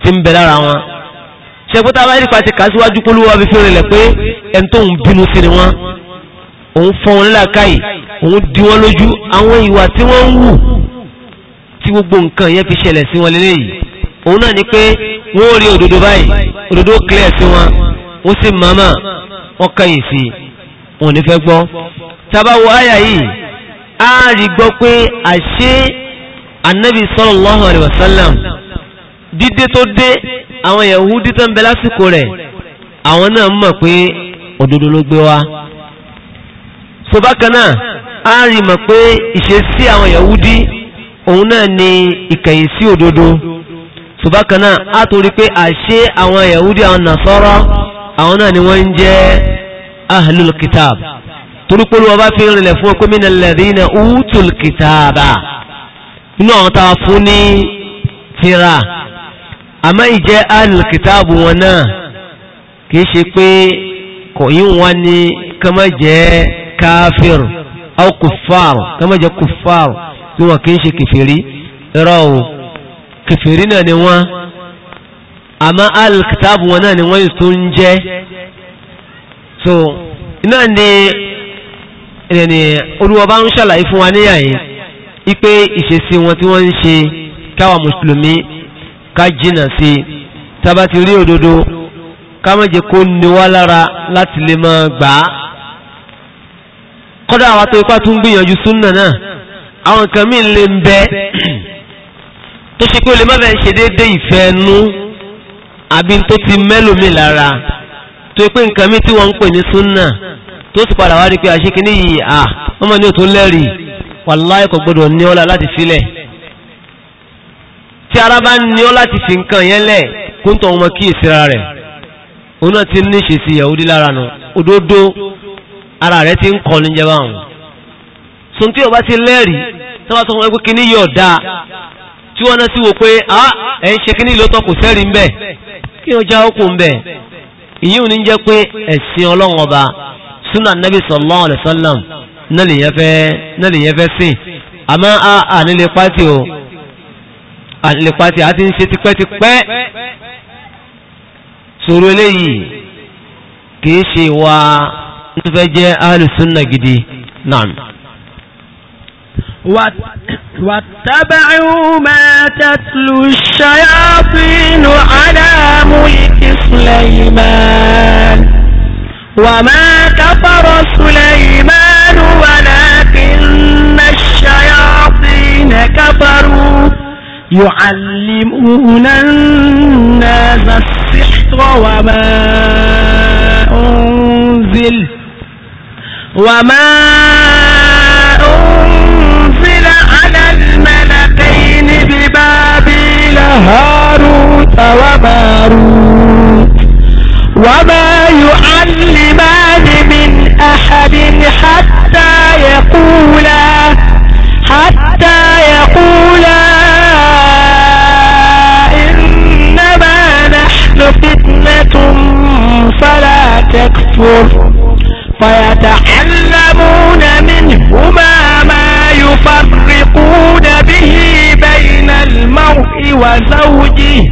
[SPEAKER 1] tí ń bẹ lára wọn ṣẹpẹtà bá yẹrìí pàṣẹ kàṣíwájú polówó àbí fèrè lẹ pé ẹni tó ń bínú sí ni wọn òun fọ wọn nílàkàyè òun di wọn lójú àwọn ìwà tí wọn ń wù tí gbogbo nǹkan yẹn fi ṣẹlẹ̀ sí wọn lélẹ́yìí òun náà ni pé wọ́n rí òdodo báyìí òdodo clear sí wọn ó sì màmá wọn kẹyìn sí wọn ò ní fẹ́ gbọ́ tabawo àyà yìí á rí gbọ́ pé àṣé anabi sallallahu alayhi wa sallam dídé tó dé àwọn yahudi tó ń bẹ lásìkò rẹ̀ àwọn náà mọ̀ pé òdodo ló gbé wá so bákan náà á rí mọ̀ pé ìṣesí àwọn yahudi òun náà ni ìkẹ̀yìn sí òdodo ṣùgbọ́kanáà a torí pé àṣẹ àwọn yahudi àwọn nasara àwọn náà ni wọ́n ń jẹ́ ahlul kitab torí pé olúwa bá fi rìnlẹ̀ fún ọkọ́ mina alladhina utul kitaba inú àwọn tá a fún ní tírà àmọ́ ìjẹ́ ahlul kitab wọn náà kìí ṣe pé kọ̀yìn wọn ni kama jẹ́ káfíìr aw kuffar kama jẹ́ kuffar pé wọn kì í ṣe kẹfìrí irọ́ o kẹfìrí náà ni wọ́n àmọ́ alkitabu wọn náà ni wọ́n yìí tó ń jẹ́ so náà ni ẹni olúwa bá ń ṣàlàyé fún wa níyà yìí ipe ìṣesí wọn tí wọ́n ń ṣe káwa mùsùlùmí ká jìnà sí tába ti rí òdodo ká má jẹ́ kó ní wá lára láti lè máa gbà á kọ́dà àwa tó ipá tún gbìyànjú súnà náà àwọn nǹkan míì lè ń bẹ tó ṣe pé o lè má fẹ́ ṣe déédé ìfẹ́ ẹnu àbí tó ti mẹ́lòmíì lára tó pé nǹkan míì tí wọ́n ń pè ní súnà tó sì padà wá rí pé àṣekínní yìí à wọ́n mọ̀ ní òtún lẹ́rìí wàláì kò gbọdọ̀ ní ọ́lá láti filẹ̀ tí ara bá ní ọ́ láti fi nǹkan yẹn lẹ̀ kó ń tọ́ ọmọ kíyèsí ara rẹ̀ òun náà ti ní ṣe sí Yahudi lára nù òdodo ara rẹ̀ ti ń kọ́ ní báwọn. Sunti tí o bá ti lẹ́rìí tí wọ́n sọ fún ẹgbẹ́ kíní yóò dáa tí wọ́n náà sì wò pé a ah, ẹ̀ ń ṣe kíní lóòótọ́ kò sẹ́rìí ń bẹ̀ kí o já òkú ń bẹ̀ ìyí ò ní jẹ́ pé ẹ̀sìn ọlọ́run ọba súnà nàbì sallallahu alaihi wasallam náà lè yẹn fẹ́ sìn àmọ́ a ànílé pátì o ànílé pátì a ti ń ṣe tipẹ́tipẹ́ sọ̀rọ̀ eléyìí kìí ṣe wa tó fẹ́ jẹ́ alùsùn náà gidi náà.
[SPEAKER 2] واتبعوا ما تتلو الشياطين على ملك سليمان وما كفر سليمان ولكن الشياطين كفروا يعلمون الناس
[SPEAKER 3] السحر
[SPEAKER 2] وما أنزل وما هاروت وماروت وما يعلمان من أحد حتى يقولا حتى يقولا إنما نحن فتنة فلا تكفر فيتعلمون منهما زوجه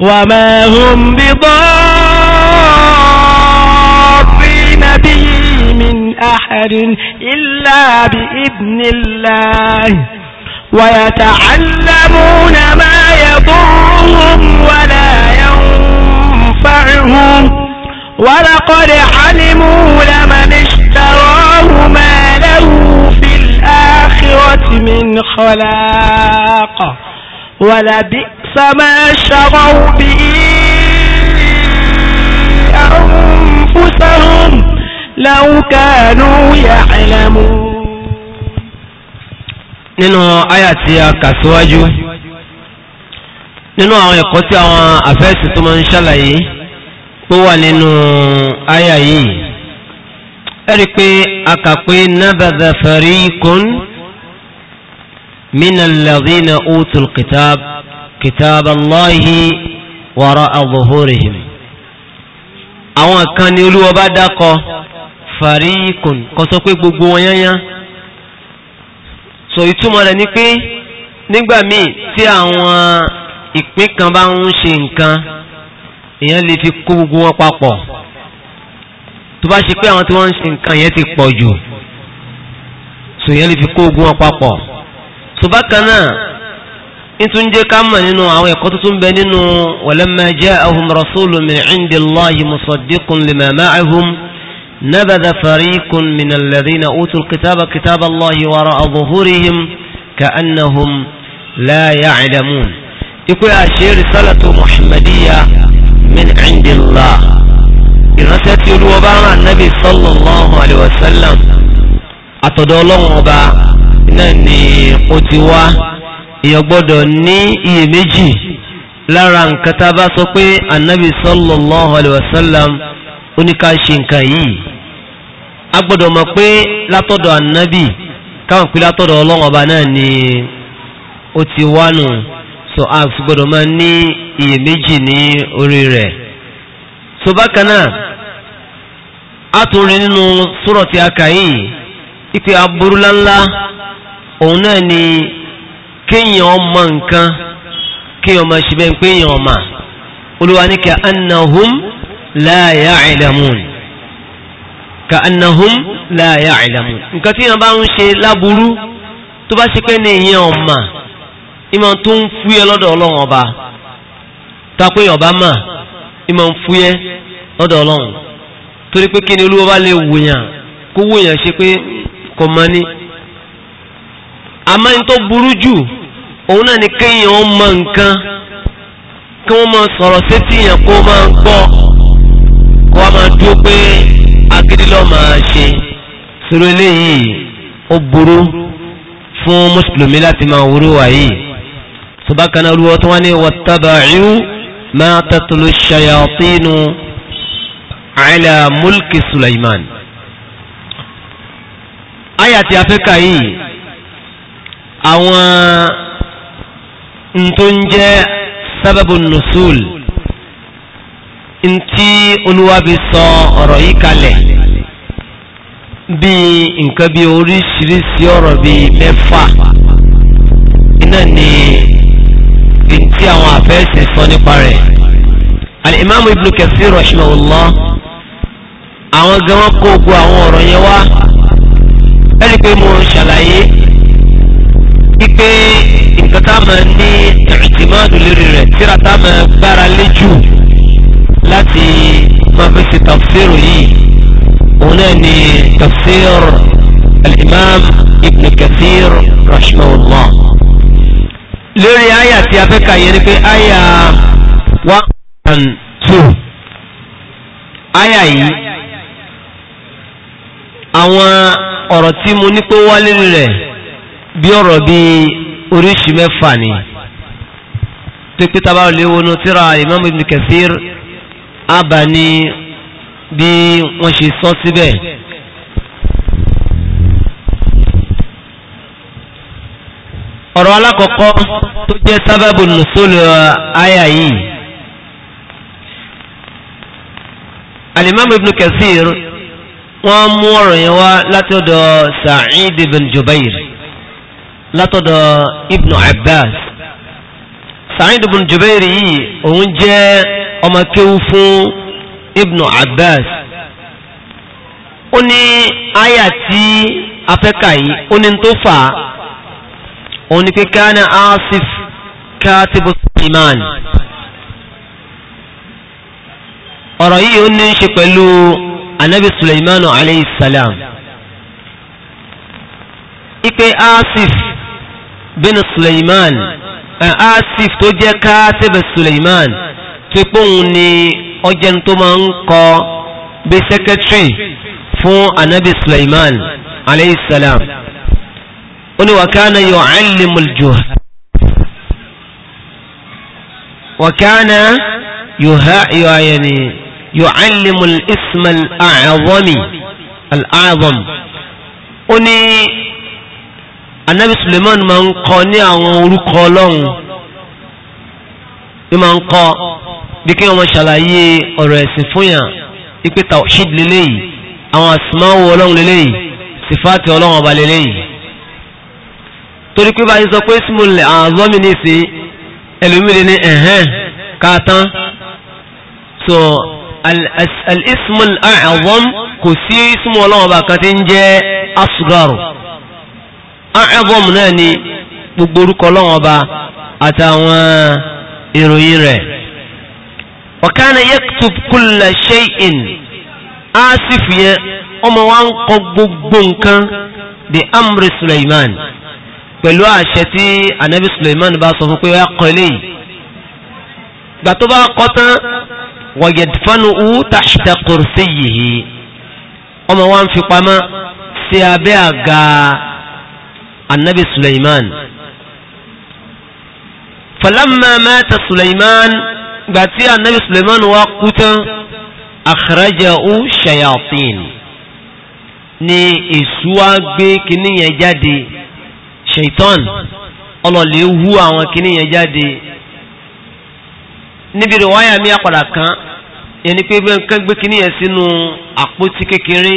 [SPEAKER 2] وما هم بضارين به من أحد إلا بإذن الله ويتعلمون ما يضرهم ولا ينفعهم ولقد علموا لمن اشتراه ما له في الآخرة من خلاق ولبئ بئس ما شروا به أنفسهم لو
[SPEAKER 1] كانوا يعلمون nínú àyà tí a kà síwájú nínú àwọn ẹ̀kọ́ tí àwọn àfẹ́sì tó máa ń ṣàlàyé ó wà nínú àyà yìí ẹ rí i pé a kà pé nabadha fariqun min alladhina utul kitab كتاب الله وراء ظهورهم àwọn kan ni olúwa bá dákọ fàríkùn kò sọ pé gbogbo wọn yányá so ìtumọ̀ rẹ̀ ni pé nígbà míì tí àwọn ìpín kan bá ń ṣe nǹkan èèyàn lè fi kó gbogbo wọn papọ̀ tó bá ṣe pé àwọn tí wọ́n ń ṣe nǹkan yẹn ti pọ̀ jù so èèyàn lè fi kó gbogbo wọn papọ̀ so bákan náà nítorí jẹ́ ká mọ̀ nínú àwọn ẹ̀kọ́ tuntun bẹ nínú walamma ja'ahum rasulun min indillahi musaddiqun lima ma'ahum nabadha fariqun min alladhina utul kitaba kitaballahi wara'a zuhurihim ka'annahum la ya'lamun. ikú yà ṣe risalatu muhammadiyya min indillah ìránṣẹ́ tí olúwa bá rán nabi sallallahu alayhi wa sallam àtọ̀dọ̀ ọlọ́run ọba náà ni ó ti wá. èèyàn gbọ́dọ̀ ní iyèméjì lára nǹkan tá a bá sọ pé anabi sallallahu alayhi wasallam sallam ṣe nǹkan yìí a gbọ́dọ̀ mọ̀ pé látọ̀dọ̀ anabi káwọn pé látọ̀dọ̀ ọlọ́run ọba náà ni ó ti wá nù so a gbọ́dọ̀ ní iyèméjì ní orí rẹ̀ so bákan náà a tún rí nínú súrọ̀ tí a kà yìí ipe ni. kéèyàn ọmọ nǹkan kéèyàn ọmọ ṣe bẹ́ẹ̀ pé èèyàn ọmọ olúwa ní ka annahum la ya'lamun ka annahum la ya'lamun nǹkan tí èèyàn bá ń ṣe láburú tó bá ṣe pé ní èèyàn ọmọ ìmọ̀ tó ń fúyẹ́ lọ́dọ̀ ọlọ́run ọba tako ọba mà ìmọ̀ ń fúyẹ́ lọ́dọ̀ ọlọ́run torí pé kí ni olúwa bá lè wòyàn kó wòyàn ṣe pé kò mọ́ ni àmọ́ ní tó burú jù òun náà ni kéèyàn ó mọ nǹkan kí wọ́n máa sọ̀rọ̀ sétí èèyàn kó máa ń gbọ́ kó wá máa dúró pé agídí lọ́ọ́ máa ṣe sọ̀rọ̀ eléyìí ó burú fún mùsùlùmí láti máa wúrú wà yìí subakana ruwa tó wá ní wàtábàáyú máa tatlu ṣayàtínú ala mulki Sulaiman. ayàtí afẹ́ka yìí àwọn n tó ń jẹ́ sábàbù nùsùl n tí olúwa fi sọ ọ̀rọ̀ yìí kalẹ̀ bí nǹkan bí oríṣiríṣi ọ̀rọ̀ bí mẹ́fà iná ni n tí àwọn àfẹ́sẹ̀ sọ nípa rẹ̀ alimami ibn Kathir rahimahullah àwọn gan kó gbogbo àwọn ọ̀rọ̀ yẹn wá
[SPEAKER 2] ẹni pé mo ṣàlàyé wípé nǹkan tá a máa ní ìtìmọ́ọ̀dù lórí rẹ̀ tíra tá a máa gbára lé jù
[SPEAKER 1] láti máa fi ṣe tafsiru yìí òun náà ni tafsir al-imam ibn kathir rahimahullah. lórí àyà tí a fẹ́ kà yẹn ni pé àyà one and two àyà yìí àwọn ọ̀rọ̀ tí mo ní pé wá lórí rẹ̀ bí ọ̀rọ̀ bí oríṣi mẹ́fà ni tó pé tábà lè wọnú tíra Imam Ibn Kathir àbá ní bí wọ́n ṣe sọ síbẹ̀. ọ̀rọ̀ alákọ̀ọ́kọ́ tó jẹ́ sábàbù nùsọ́lù uh, àyà yìí alimami ibn Kathir wọ́n mú ọ̀rọ̀ yẹn wá látọ̀dọ̀ Sa'id ibn Jubair látọ̀dọ̀ ibn abbas sa'id ibn jubairi yìí òun jẹ́ ọmọ kéwú fún ibn abbas ó ní àyà tí afẹ́kà yìí ó ní tó fà á òun ni pé kánà asif katibu sulaiman ọ̀rọ̀ yìí ó ní ṣe pẹ̀lú anabi sulaiman alayhi salam ipe asif بن سليمان أه، آسف توجه كاتب سليمان تبوني كو تمانك بسكتري فو انبي سليمان عليه السلام وكان يعلم الجهد وكان يها يعني يعلم الاسم الأعظم الأعظم أني anabi suleiman máa ń kọ ní àwọn orúkọ ọlọ́run ní máa ń kọ bí kí wọ́n ṣàlàyé ọ̀rọ̀ ẹ̀sìn fún ipe tawhid lélẹ́yìí àwọn asmawo ọlọ́run lélẹ́yìí sifati ọlọ́run ọba lélẹ́yìí torí pé báyìí sọ pé ismul azami ní sí ẹlòmílẹ̀ ní ẹ̀hẹ́n káàtán so al-ismul a'zam kò sí ismu ọlọ́run ọba kan tí ń jẹ́ asgaru ààbọ̀mù náà ni gbogbo orúkọ ọlọ́run ọba àtàwọn ìròyìn rẹ̀ wa kana yaktub kulla shay'in asif yẹn ọmọ wa ń kọ gbogbo nǹkan bi amri Suleiman pẹ̀lú àṣẹ tí anabi Suleiman bá sọ fún pé ó yà kọ́ eléyìí gbà tó bá kọ́ tán wa yadfanuhu tahta kursiyyihi ọmọ wa ń fi pamọ́ sí abẹ́ àga. النبي سليمان. فلما مات سليمان، باتي النبي سليمان suleiman wá kú tán akhrajahu shayatin ni èṣù wá gbé kíní yẹn jáde shaitan ọlọ́lẹ̀ hu àwọn kíní yẹn jáde níbi riwaya mi àpàdà kan yẹn ni pé gbé kíní yẹn sínú àpótí kékeré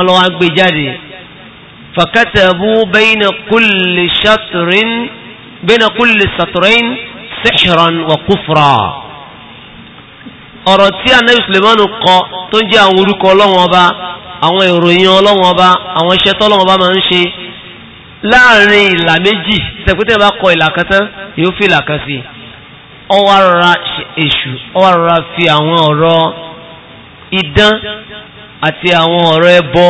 [SPEAKER 1] ọlọ́wà gbé jáde فكتبوا بين كل شطر بين كل سطرين سحرا وكفرا ọ̀rọ̀ tí anabi sulemanu kọ tó ń jẹ́ àwọn orúkọ ọlọ́wọ́n ọba àwọn ìròyìn ọlọ́wọ́n ọba àwọn iṣẹ́ tọ́lọ́wọ́n ọba máa ń ṣe láàrin ìlà méjì tẹ̀pẹ́tẹ̀ bá kọ ìlà kan tán yóò fi ìlà kan sí i ọwọ́ ara èṣù ọwọ́ ara fi àwọn ọ̀rọ̀ idán àti àwọn ọ̀rọ̀ ẹbọ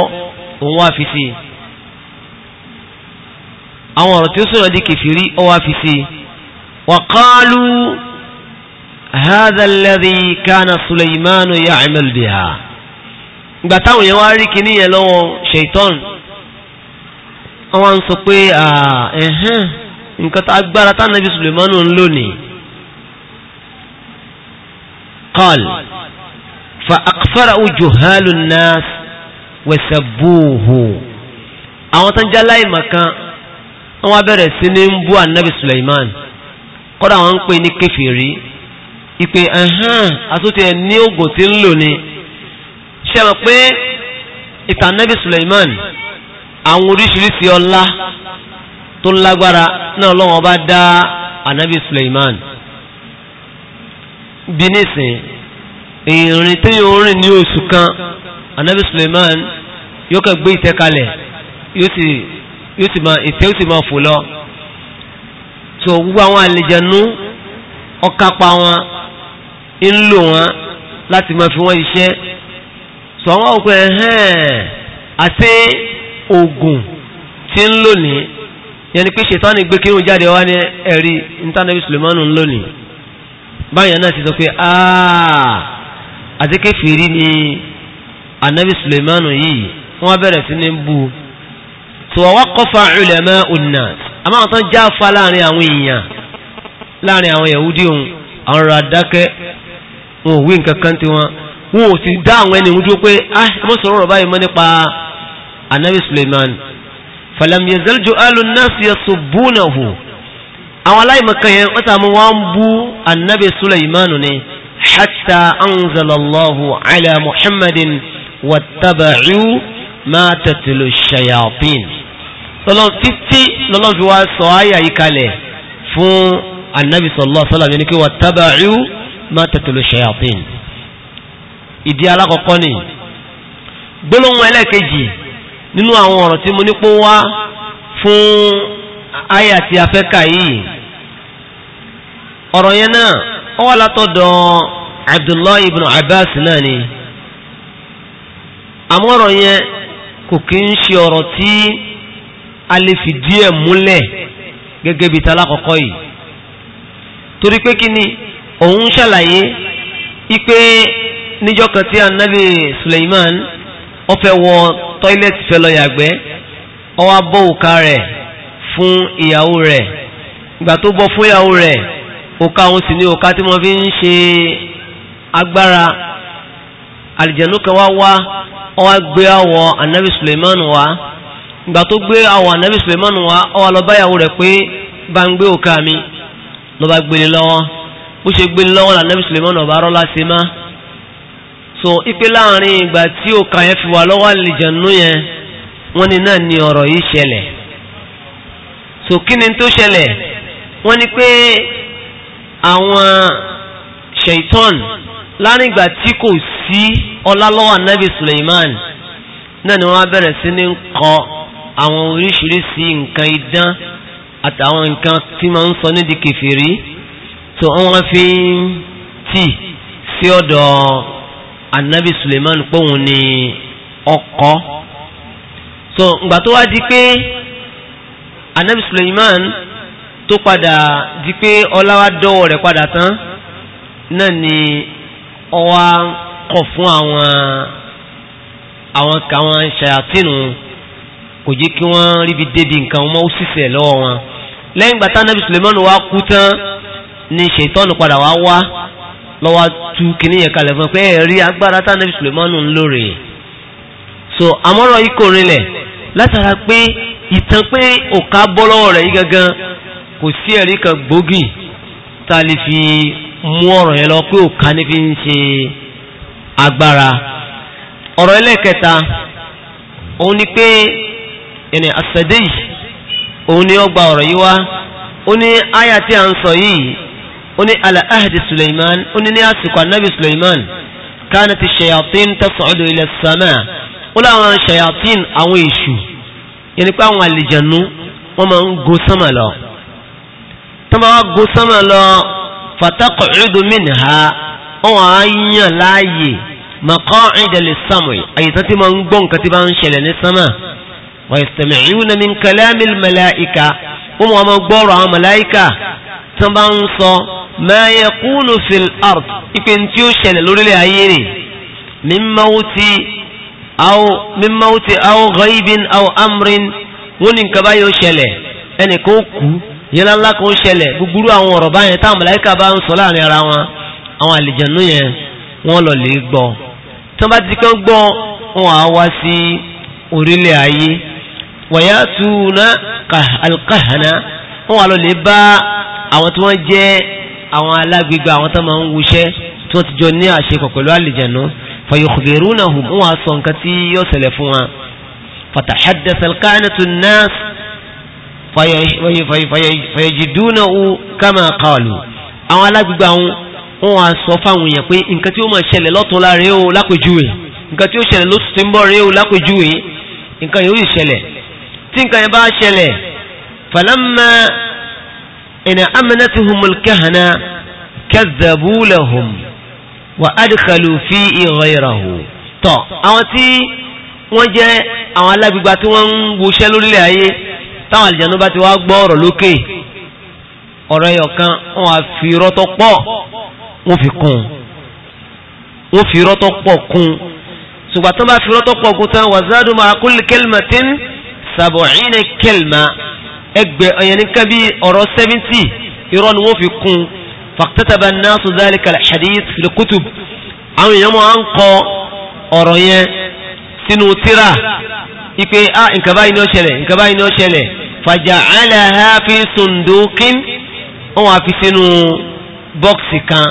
[SPEAKER 1] òun wá fi sí i àwọn ọ̀rọ̀ tí ó sọ̀rọ̀ di kẹfìrí ó wá fi sí wa qalu hadha alladhi kana Sulaymanu ya'mal biha ìgbà táwọn yẹn wá rí kíní yẹn lọ́wọ́ ṣèitán wọ́n sọ pé ẹ̀hẹ́n nǹkan tá agbára tá nàbí Sulaymanu ń lò ní qal fa aqfara'u juhalun nas wa sabbuhu àwọn tó ń jẹ́ láìmọ̀kan wọ́n bẹ̀rẹ̀ sí ní ń bú ànábì Suleiman kọ́dà wọ́n ń pè ní kẹfìrí ìpè ẹ̀hán àtúntì ẹ̀ ní ògùn tí ń lò ní ṣe mọ̀ pé ìtàn ànábì Suleiman àwọn oríṣiríṣi ọlá tó lágbára náà lọ́wọ́ bá dá ànábì Suleiman bí nísìn ìrìn tí yóò rìn ní oṣù kan ànábì Suleiman yóò kẹ́ gbé ìtẹ́kalẹ̀ yóò sì yóò sì máa ìfẹ́ yóò sì máa fò lọ tó gbogbo àwọn àlejànú ọ̀kápá wọn ń lò wọn láti máa fi wọ́n iṣẹ́ sọ wọn òpin ẹ̀hẹ́n àti oògùn tí ń lò ní yẹni pé ṣètánì gbé kírun jáde wá ní ẹ̀rí ìntánẹ́bí Sùlẹ́mánù ń lò ní báyìí náà ti sọ pé àti kéfèrí ni ànábì Sùlẹ́mánù yìí wọ́n bẹ̀rẹ̀ sí ní bú u tó wà wákọ́fà ulama unnas àmọ́ àwọn tán já fa láàrin àwọn èèyàn láàrin àwọn yahudi òun àwọn ọ̀rọ̀ àdákẹ́ wọn ò wí nǹkan kan tí wọn wọn ò sì dá àwọn ẹni ìwúdó pé ah ẹ mọ́ sọ̀rọ̀ ọ̀rọ̀ báyìí mọ́ nípa anabi suleiman falam yazal ju'alu an-nas àwọn aláìmọ̀kan wọ́n tàbí wọ́n ń bú annabi suleimanu ni hatta anzalallahu ala muhammadin wattaba'u ma tatlu shayatin lọ́lọ́n títí lọ́lọ́n fi wá sọ ayà yìí kalẹ̀ fún anabi sallallahu alaihi wasallam ní kí wọ́n taba'u ma tatlu shayatin ìdí alákọ̀ọ́kọ́ ni gbólóhùn ẹlẹ́ẹ̀kejì nínú àwọn ọ̀rọ̀ tí mo nípò wá fún ayà tí a fẹ́ kà yìí ọ̀rọ̀ yẹn náà ó wá látọ̀dọ̀ abdullahi ibn abbas náà ni àmọ́ ọ̀rọ̀ yẹn kò kí ń ṣe ọ̀rọ̀ tí a lè fi díẹ̀ múlẹ̀ gẹ́gẹ́ bí tala kọ̀kọ́ yìí torí pé kí ni òun ṣàlàyé ipe níjọ́ kan tí anabi Suleiman ó fẹ́ wọ tọ́ílẹ̀tì fẹ́ lọ yàgbẹ́ ó wá bọ́ òka rẹ̀ fún ìyàwó rẹ̀ ìgbà tó bọ́ fún ìyàwó rẹ̀ òka òun sì ni òka tí wọ́n fi ń ṣe agbára àlìjẹ̀nú kan wá wá ó gbé àwọ̀ anabi Suleiman wá ìgbà tó gbé àwọn ànábì Suleiman wa ọwà lọ báyàwó rẹ̀ pé bá ń gbé òkà mi lọ́ba gbélé lọ́wọ́ bó ṣe gbélé lọ́wọ́ lànábì Suleiman ọba rọ́lá ṣe má so ipe láàrin ìgbà tí òkà yẹn fi wà lọ́wọ́ àlìjẹ̀nú yẹn wọ́n ní náà ni ọ̀rọ̀ yìí ṣẹlẹ̀ so kí ni tó ṣẹlẹ̀ wọ́n ní pé àwọn shaitan láàrin ìgbà tí kò sí ọlá lọ́wọ́ ànábì Suleiman náà ni wọ́n bẹ̀rẹ̀ sí ní kọ́ àwọn oríṣiríṣi nǹkan idán àtàwọn nǹkan tí ma ń sọ nídi kèfèrí tó wọ́n fi ń tì sí ọ̀dọ̀ anabi suleiman pòun ni ọkọ so ngbà tó wá di pé anabi suleiman tó padà di pé ọláwá dọ́wọ́ rẹ̀ padà tán náà ni ọwá kọ̀ fún àwọn àwọn kàwọn ṣayàtìnù kò jẹ́ kí wọ́n ríbi débi nǹkan wọn ó sísẹ̀ lọ́wọ́ wọn lẹ́yìn ìgbà tá nàbì Suleiman wa kú tán ni ṣètọ́nù padà wá wá lọ́wọ́ tú kìíní yẹn kalẹ̀ fún pé ẹ̀rí agbára tá nàbì Suleiman ń lóore so àmọ́rọ̀ yìí kò rinlẹ̀ látara pé ìtàn pé òka bọ́ lọ́wọ́ rẹ̀ yìí gangan kò sí ẹ̀rí kan gbòógì tá a lè fi mú ọ̀rọ̀ yẹn lọ pé òka ní fi ń ṣe agbára ọ̀rọ̀ ẹlẹ́kẹta òun ni pé ẹni asẹ́dẹ́yì òun ni ó gba ọ̀rọ̀ yìí wá ó ní àyà tí a ń sọ yìí ó ní ala ahdi Suleiman ó ní ní àsìkò anabi Suleiman kanat shayatin tas'udu ila as-sama ó láwọn shayatin àwọn èṣù yẹni pé àwọn àlìjànú wọ́n máa ń go sánmà lọ tó bá go sánmà lọ fataq'udu minha wọ́n á yàn láàyè maq'ida lis-sam'i àyè tó ti máa ń gbọ́ nǹkan tí bá ń ṣẹlẹ̀ ní sánmà. ويستمعون من كلام الملائكة وما مقبرة ملائكة تبانص ما يقول في الأرض يكن تيوشن لولي عيني من موت أو من موت أو غيب أو أمر ونن كبا يوشن أني كوكو yẹlá ńlá kan ṣẹlẹ̀ gbogbo àwọn ọ̀rọ̀ báyẹn táwọn mọ̀láíkà bá ń sọ láàrin ara wọn àwọn àlìjẹ̀nú yẹn wọ́n lọ lè gbọ́ tí bá ti kàn gbọ́ wọn á wá sí orílẹ̀ ayé wàyátúnà alkahana wọ́n wà lọ lè bá àwọn tí wọ́n jẹ́ àwọn alágbègbè àwọn tó máa ń wuṣẹ́ tí wọ́n ti jọ ní àṣepọ̀ pẹ̀lú àlìjẹ̀nu fayukhbirunahum wọ́n wà sọ kama qalu àwọn alágbègbè àwọn wọ́n wà sọ fáwọn èèyàn pé nǹkan tí ó máa ṣẹlẹ̀ lọ́tún láre o nǹkan yóò ṣẹlẹ̀ tí nǹkan yẹn bá ṣẹlẹ̀ falamma ina amanatuhumul kahana kazzabu lahum wa adkhalu fi ghayrahu tọ̀ àwọn tí wọ́n jẹ́ àwọn alágbègbà tí wọ́n ń wuṣẹ́ lórílẹ̀ ayé táwọn àlìjánu bá ti wá gbọ́ ọ̀rọ̀ lókè ọ̀rọ̀ ẹyọ kan wọ́n á fi rọ́tọ́ pọ̀ wọ́n fi kún wọ́n fi rọ́tọ́ pọ̀ kún ṣùgbọ́n tó bá fi rọ́tọ́ pọ̀ kún tán wàzádùn máa kulli sàbọ̀ọ́yìn kẹlìmà ẹgbẹ́ ọ̀yàn nìkan bí ọ̀rọ̀ sẹ́mìtì irọ́ ni wọ́n fi kún fàkítàtàbà náà sọ zálìkà alhadith filkutub àwọn èèyàn máa ń kọ ọ̀rọ̀ yẹn sínú tíra ipe a nǹkan báyìí ni ó ṣẹlẹ̀ nǹkan báyìí ni ó ṣẹlẹ̀ fàjà aláha fi sùndùkín wọ́n wá fi sínú bọ́ọ̀sì kan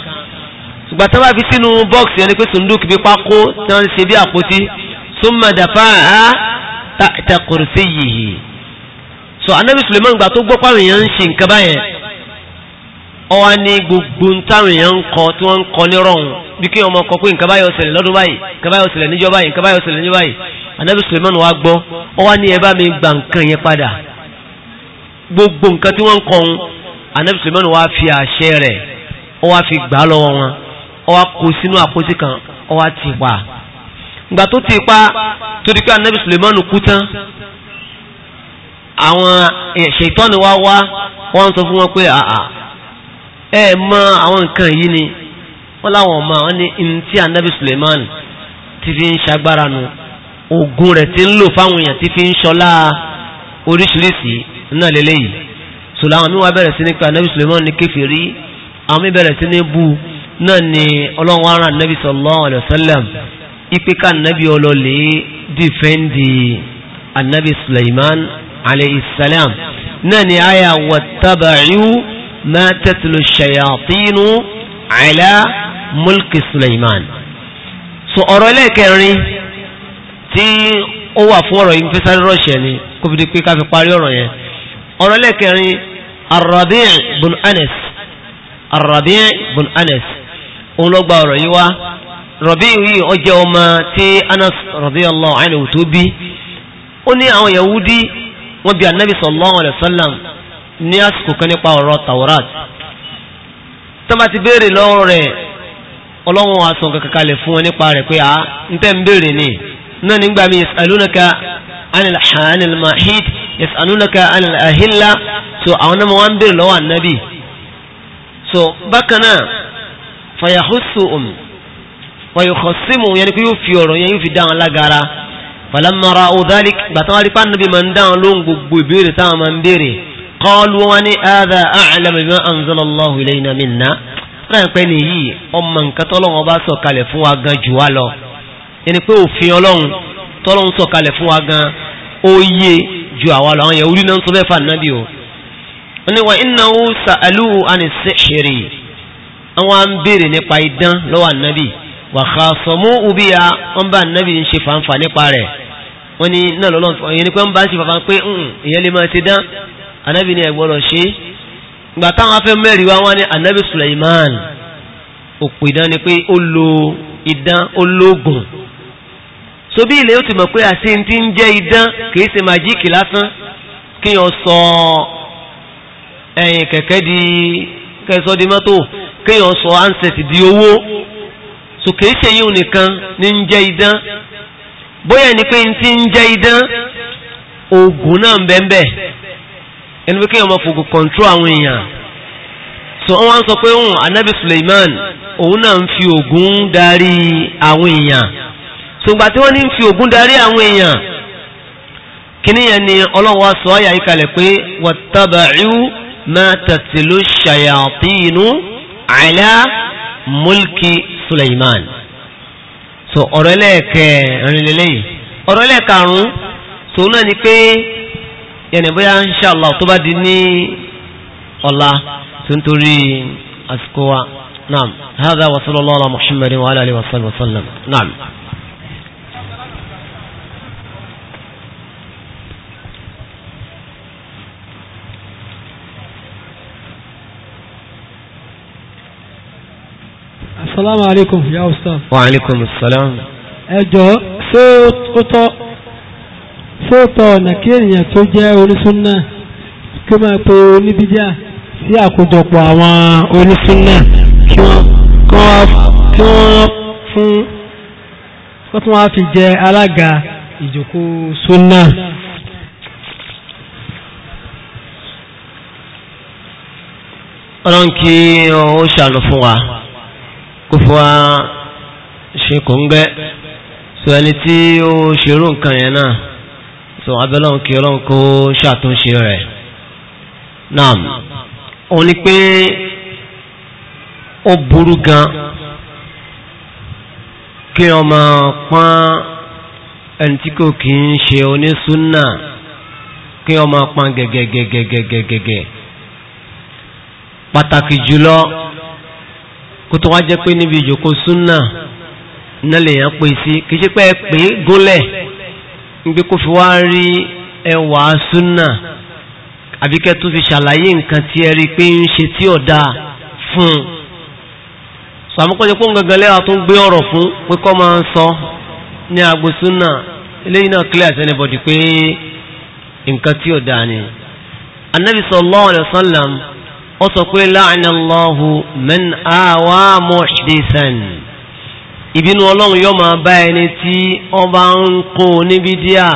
[SPEAKER 1] ṣùgbọ́n tí bá fi sínú bọ́ọ̀sì yẹn ni pé sùndùkì bí pákó tí wọ́n ṣe bí àpótí súnmọ́ dàfáà tahta kursiyyihi so anabi suleiman gba tó gbọ́ páwọn èèyàn ń ṣe nǹkan báyẹn ọwa ní gbogbo táwọn èèyàn ń kọ tí wọ́n ń kọ ní rọrùn bí kí ọmọ kọ pé nǹkan báyọ̀ ṣẹlẹ̀ lọ́dún báyìí nǹkan báyọ̀ ṣẹlẹ̀ níjọ́ báyìí nǹkan báyọ̀ ṣẹlẹ̀ níjọ́ báyìí anabi suleiman wa gbọ́ ọwa ní ẹ bá mi gba nǹkan yẹn padà gbogbo nǹkan tí wọ́n ń kọ ń anabi wa fi ìgbà tó ti pa torí pé anabi sulemanu kú tán àwọn ṣètọ́ni wá wá wọ́n ń sọ fún wọn pé àà ẹ mọ àwọn nǹkan yìí ni wọ́n láwọn ọmọ àwọn ní ntí anabi sulemanu ti fi ń ṣagbára nu oògùn rẹ̀ ti ń lò fáwọn èèyàn ti fi ń ṣọlá oríṣiríṣi náà lélẹ́yìí sọlá àwọn míwá bẹ̀rẹ̀ sí ní pé anabi sulemanu ní kèfèrí àwọn mi sí ní bú náà ni ọlọ́run wa ran anabi sallallahu alayhi ipe ká nàbí ọlọ́lẹ̀ dìfẹ́ǹdì anabi Sulaiman aleyhisselam náà ni àyà wàtàbàáyú máa tẹ̀tìlù ṣayàtínú àìlá mulki Sulaiman. so ọ̀rọ̀ ẹlẹ́ẹ̀kẹrin tí ó wà fún ọ̀rọ̀ yìí fẹ́sáré rọ̀ṣẹ̀ ni kó fi di pé ká fi parí ọ̀rọ̀ yẹn ọ̀rọ̀ ẹlẹ́ẹ̀kẹrin ar bun Anas ar bun Anas òun ló gba ọ̀rọ̀ yìí wá. Rabi'u yìí ó jẹ́ ọmọ tí Anas radiyallahu anhu tó bí ó ní àwọn Yahudi wọ́n bi Ànábì sallallahu alaihi wasallam ní àsìkò kan nípa ọ̀rọ̀ Tawrat tó bá ti béèrè lọ́wọ́ rẹ̀ ọlọ́wọ́n wa sọ kankan kalẹ̀ fún wọn nípa rẹ̀ pé à ń tẹ́ ń béèrè ni náà nígbà mi yas'alunaka anil hanil mahid yas'alunaka anil ahilla so àwọn náà wọ́n ń béèrè lọ́wọ́ Ànábì so bákan náà fayahusu um fọyọkọsímù yẹn ni pé yóò fi ọ̀rọ̀ yẹn yóò fi dá wọn lágara falamara odalik gbàtà wọn rí pa níbi máa ń dá wọn lóhùn gbogbo ìbéèrè táwọn máa ń béèrè kọlu wọn ni ada alama bi anzala allah ilayna minna fúnra pẹ́ nìyí ọmọ nǹkan tọ́lọ́wọ́n bá sọ kalẹ̀ fún wa gan jù wá lọ yẹni pé òfin ọlọ́run tọ́lọ́run sọ kalẹ̀ fún wa gan ó ju àwa lọ àwọn yẹn orí náà ń sọ wàhà ubi ya wọ́n bá nàbì ń ṣe fanfa nípa rẹ̀ wọ́n ní náà lọ́lọ́ ìyẹn ni pé wọ́n bá ń ṣe fanfa pé ìyẹn lè máa ti dán anábì ni ẹ̀gbọ́dọ̀ ṣe ìgbà táwọn afẹ́ mẹ́rin wá wọ́n ní anábì Suleiman òpò ìdán ni pé ó lo ìdán ó lóògùn so bí ilẹ̀ yóò ti mọ̀ pé àti ti ń jẹ́ ìdán kì í ṣe màjíìkì lásán kí yọ sọ ẹ̀yìn kẹ̀kẹ́ di kẹsọ́ di mọ́tò kí yọ sọ ansẹ̀tì di owó so kìí ṣe yíò nìkan ní ń jẹ́ idán bóyá ní pé n ti ń jẹ́ idán oògùn náà ń bẹ́ẹ̀ ẹni pé kí ọmọ fògùn kọ̀ǹtró àwọn èèyàn so wọ́n wá sọ pé òun anabi Suleiman òun náà ń fi oògùn darí àwọn èèyàn so tí wọ́n ní ń fi oògùn darí àwọn èèyàn kíní yẹn ni Ọlọ́run wá sọ àyà ìkàlẹ̀ pé wattaba'u ma tatlu shayatinu ala mulki Suleiman so ọ̀rọ̀ ẹlẹ́ẹ̀kẹrin lélẹ́yìí ọ̀rọ̀ ẹlẹ́ẹ̀karùn-ún so náà ni pé yẹnì bóyá inṣàlá tó bá di ní ọ̀la tó ń torí àsìkò wa naam hadha wa sallallahu ala muhammadin wa ala
[SPEAKER 4] Assalamu alaikum ya ustaz. Wa alaikum assalam. ẹ jọ ṣé ó tọ́ ṣé ó tọ́ ọ̀nà kí ènìyàn tó jẹ́ onísúnnà kí ó máa pe oníbíjà sí àkójọpọ̀ àwọn onísúnnà kí wọ́n kí wọ́n fún wọ́n tún wá fi jẹ alága ìjókòó súnnà.
[SPEAKER 1] ọlọ́run kí ó ṣàánú fún wa kó fún wa ṣe kò ń gẹ́ so ẹni tí ó ṣerú nǹkan yẹn náà so abẹ́lọ́n kí ọlọ́run kó ṣàtúnṣe rẹ̀ náà òun ni pé ó burú gan kí ọmọ pọ́n ẹni tí kò kí ń ṣe onísúnnà kí ọmọ pọ́n gẹ̀gẹ̀gẹ̀gẹ̀gẹ̀gẹ̀gẹ̀ pàtàkì jùlọ. kó tó wá jẹ́ pé níbi ìjòkó súnà náà lè pè sí kì í ṣe pé pè gólẹ̀ fi wá rí ẹwà súnà tó ti ṣàlàyé nǹkan tí ẹ rí i pé ń ṣe tí ọ̀dà fún un sàmúkọ́jọ́ pé ń lẹ́wà tó ń gbé ọ̀rọ̀ fún pé kọ́ máa ń sọ ní agbo súnà eléyìí clear pé nǹkan tí ni anabi ó sọ pé la'anallahu man awa muhdisan ìbínú ọlọ́run yóò máa bá ẹni tí ọba ń kó níbi díà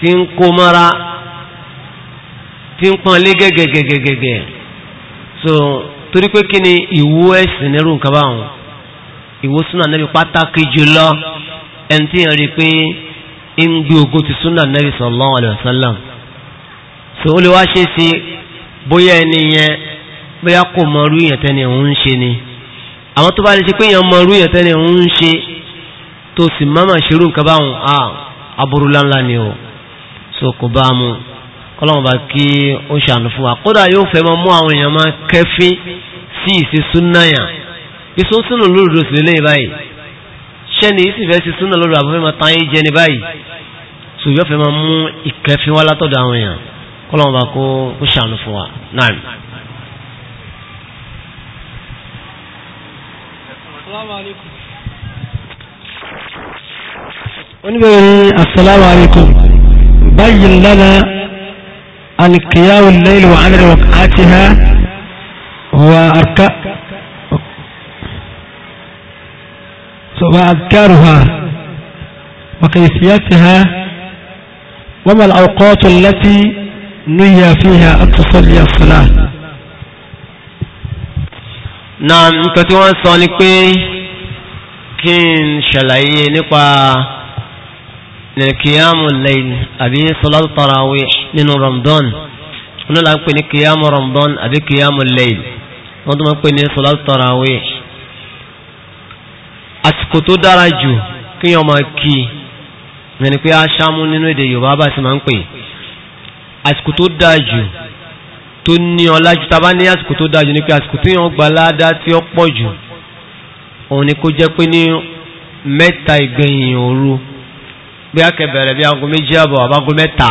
[SPEAKER 1] tí ń kó mara tí ń pọn lé gẹ́gẹ́gẹ́gẹ́gẹ́ so torí pé kí ni ìwú ẹ̀sìn nírú nǹkan báwọn ìwú súnà nábì pàtàkì jùlọ ẹni tí yẹn rí pé ń gbé ogun ti súnà nábì sallallahu alaihi so ó lè wá ṣe é bóyá ẹni yẹn bóyá kò mọ irú èèyàn tẹ́ni òun ń ṣe ni àwọn tó bá lè ṣe pé èèyàn mọ irú èèyàn tẹ́ni òun ń ṣe tó sì máma ṣerú nǹkan báwọn a aburú láńlá ni o so kò bá mu kọ́lọ́mù bá kí ó ṣàánú fún wa kódà yóò fẹ́ máa mú àwọn èèyàn máa kẹ́fín sí ìṣe súnáyà ìṣó súnà lóòrò sì lélẹ́yìn báyìí ṣẹ́ni ìsìnfẹ́ sí súnà lóòrò àbúfẹ́ máa tán yé jẹ ní báyìí so fẹ́ máa mú ìkẹ́fín wá látọ̀dọ̀ àwọn èèyàn kọ́lọ́wọ́n bá kó kó ṣàánú fún wa náà.
[SPEAKER 4] oníbẹ̀rẹ̀ asalaamu alaykum bayyin lana ankiyawu leyli wa anari wa kaatiha wa arka wa adkaruha wa kaysiyatiha وما الأوقات التي نية فيها أن تصلي الصلاة
[SPEAKER 1] نعم كتوان صالحين كين شلعي نقا قيام الليل أبي صلاة التراويح من رمضان wọ́n náà pè ní kìyàmù rọ̀mdọ́n àbí kìyàmù lẹ́yìn wọ́n tó máa pè ní sọ́látù tarawih àsìkò tó dára jù kíyàn máa kí ìrìn pé aṣámú nínú èdè yorùbá bá ti máa ń pè àsìkò tó dáa jù tó ní ọlá jù tá a bá ní àsìkò tó dáa jù ní pé àsìkò tó yàn gba ládá tí ó pọ̀ jù òun ni kó jẹ́ pé ní mẹ́ta ìgbẹ̀yìn òru bí akẹ́bẹ̀rẹ̀ bí aago méjì àbọ̀ àbágo mẹ́ta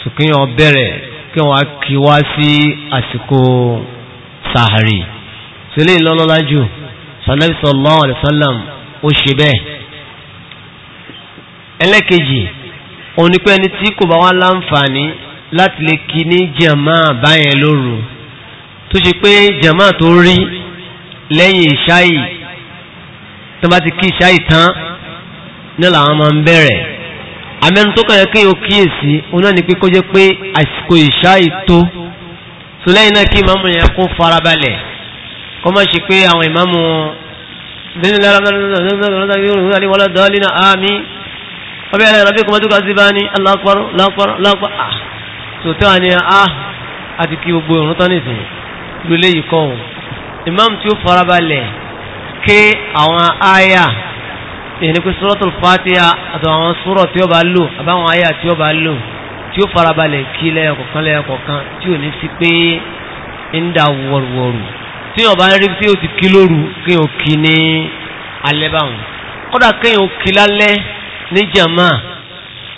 [SPEAKER 1] sùkúnyàn bẹ̀rẹ̀ kí wọ́n kí wá sí àsìkò sàárì sílẹ̀ ìlọ́lọ́lá jù sallallahu alaihi wasallam ó ṣe bẹ́ẹ̀ ẹlẹ́kejì òun ni pé ẹni tí kò bá wá láǹfààní láti lè kí ní jàmá báyẹn lóru tó ṣe pé jàmá tó rí lẹ́yìn ìṣáì tó bá ti kí ìṣáì tán ní làwọn máa ń bẹ̀rẹ̀ àmẹ́nu tó kàn yẹ kí o kíyèsí òun náà pé kó jẹ́ pé àsìkò ìṣáì tó so lẹ́yìn náà kí ìmáàmù yẹn kó farabalẹ̀ kó má ṣe pé àwọn ìmáàmù bẹ́ẹ̀ ni lára náà ní wọ́n lọ́dọ̀ ọ́ lẹ́nà àmì ọbẹ̀ yẹn rẹ̀ bí kọ́mọ́tò kan sí bá ní aláǹkọ́rọ́ ah, láǹkọ́rọ́ láǹkọ́rọ́ à sòtẹ́ wa ni a àti gbogbo ìrún tán nìsín ló léyìí kọ́ ọ́n imam tí ó farabalẹ̀ ké àwọn aya ìyẹn ni pé suratul fatiha àti àwọn sura tí ó bá lò àbáwọn aya tí ó bá lò tí ó farabalẹ̀ kí lẹ́yìn kọ̀ọ̀kan lẹ́yìn kọ̀ọ̀kan tí ò ní sí pé ń da wọ̀rùwọ̀rù tí yóò bá rí tí yóò ní jama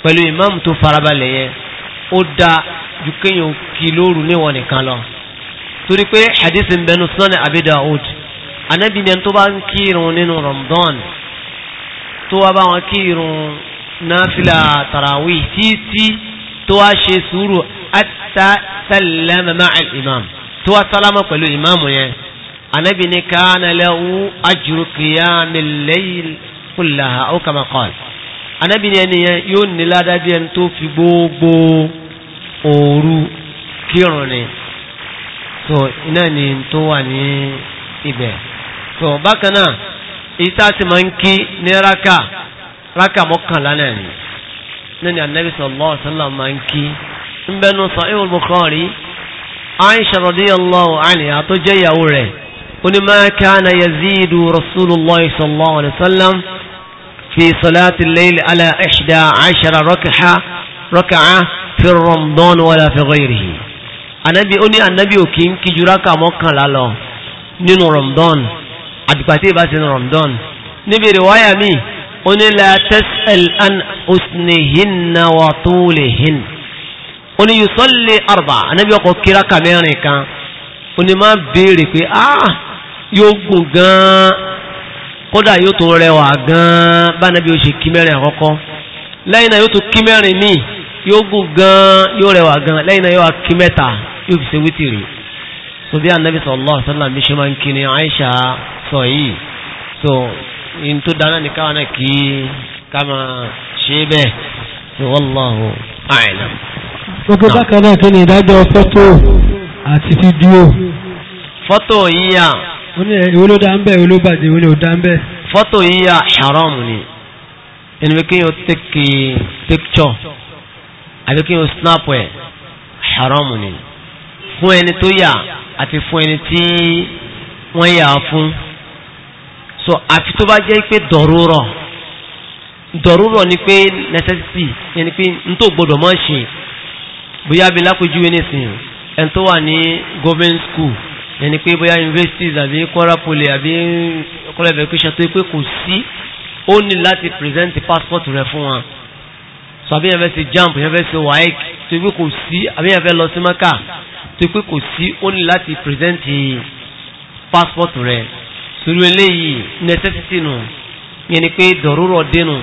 [SPEAKER 1] pẹ̀lú ìmáàmù tó farabalẹ̀ yẹn ó da ju kéèyàn kí lóru níwọ̀n nìkan lọ torí pé hadith ń bẹnu sọ́nà Abi Daud anabi ni tó bá ń kírun nínú Ramadan tó wá bá wọn kírun náfìlà tarawih títí tó wá ṣe sùúrù ata sallama ma'al imam tó wá sálámà pẹ̀lú ìmáàmù yẹn anabi ni kana lahu ajru qiyamil layl kullaha aw kama qala anábì ni ẹni yẹn yóò ní ládájú ẹni tó fi gbogbo òru kírun ni so iná ni tó wà ní ibẹ̀ so bákan náà ìta sì máa ń kí ní raka raka mọ́kànlá náà ni nínú anábì sallallahu alaihi wasallam máa ń kí ń bẹnu Sahih al-Bukhari aisha radiyallahu anha tó ìyàwó rẹ̀ ó ní ma yazidu rasulullahi sallallahu alaihi في صلاة الليل على إحدى عشر ركعة ركعة في رمضان ولا في غيره anabi ó ní anabi ò kí ń kí jura ká mọ́kànlá lọ nínú rọ̀mdọ́n àdìpàtì ìbá sínú rọ̀mdọ́n níbi ìrìwáyà mi ó ní la tas'al an usnihinna wa tulihin ó ní yusalli arba anabi ọkọ̀ kíra ká mẹ́rin kan ó ní má béèrè pé ah yóò gùn gan-an kódà yóò tó rẹwà gan-an bánabi ó ṣe kí mẹ́rin àkọ́kọ́ lẹ́yìn náà yóò tó kí mẹ́rin míì yóò gùn gan-an yóò rẹwà gan-an lẹ́yìn náà yóò kí mẹ́ta yóò fi ṣe wítìrì so bí anabi sallallahu alaihi wasallam ṣe máa ń kí ni Aisha sọ yìí so in tó dáná ní káwọn náà kí ká máa ṣe bẹ́ẹ̀ so wallahu a'lam.
[SPEAKER 4] gbogbo bákan náà kí ni ìdájọ́ fọ́tò àti fídíò.
[SPEAKER 1] fọ́tò yíyà
[SPEAKER 4] wọ́n ní ìwé ló dá ń bẹ̀ ìwé ló bàjẹ́ ìwé ló dá ń bẹ̀.
[SPEAKER 1] fọ́tò yíyà haram ni ẹni kí o tẹ́kì píkṣọ̀ àbí kí o snap ẹ̀ haram ni fún ẹni tó yà àti fún ẹni tí wọ́n yà á fún so àfi tó bá jẹ́ pé dọ̀rúrọ̀ dọ̀rúrọ̀ ni pé necessity yẹn ni pé n tó gbọ́dọ̀ mọ́ ṣe bóyá bí lápèjúwe nísìnyí ẹni tó wà ní government school ẹni pé bóyá universities àbí Kwara Poly àbí Kwara education tó pé kò sí ó ní láti present passport rẹ̀ fún wa so àbí yẹn fẹ́ ṣe JAMB yẹn fẹ́ ṣe WAEC tó pé kò sí àbí yẹn fẹ́ lọ sí Maka tó pé kò sí ó ní láti present passport rẹ̀ sórí eléyìí necessity nù yẹn ni pé dọ̀rọ̀rọ̀ dénú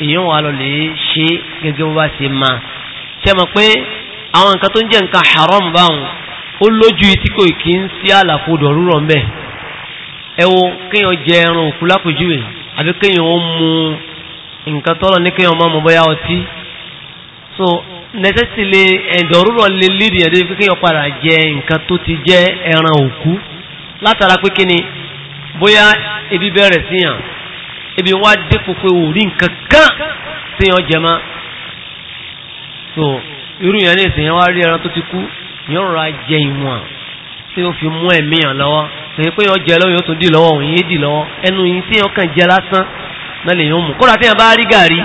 [SPEAKER 1] èèyàn wà lọ lè ṣe gẹ́gẹ́ bó bá ṣe máa ṣe mọ̀ pé àwọn nǹkan tó ń jẹ́ nǹkan haram báwọn ó lójú tí kò kí ń sí àlàfo dọ̀rúrọ̀ ń bẹ̀ ẹ wo kéèyàn jẹ ẹran òkú lápèjúwe àbí kéèyàn ó mu nǹkan tọ́lọ̀ ní kéèyàn máa mọ bóyá ọtí so necessity le ẹ̀dọ̀rúrọ̀ le lead yẹn débi kéèyàn padà jẹ nǹkan tó ti jẹ ẹran òkú látara pé kí bóyá ebi bẹ̀rẹ̀ síyàn ebi wá dépò pé ò rí nǹkan kan téèyàn jẹ mọ́ so irú yẹn ní ìsìn yẹn wá rí ẹran tó ti kú yóò rọra jẹ ìwọ̀n tí ó fi mú ẹ̀mí hàn lọ́wọ́ èyí pé ọjẹ́ lọ́wọ́ yóò tún dì lọ́wọ́ òun yé dì lọ́wọ́ ẹnu yìí tí ọkàn jẹ lásán náà lè yóò mú kódà tí yẹn bá rí gàrí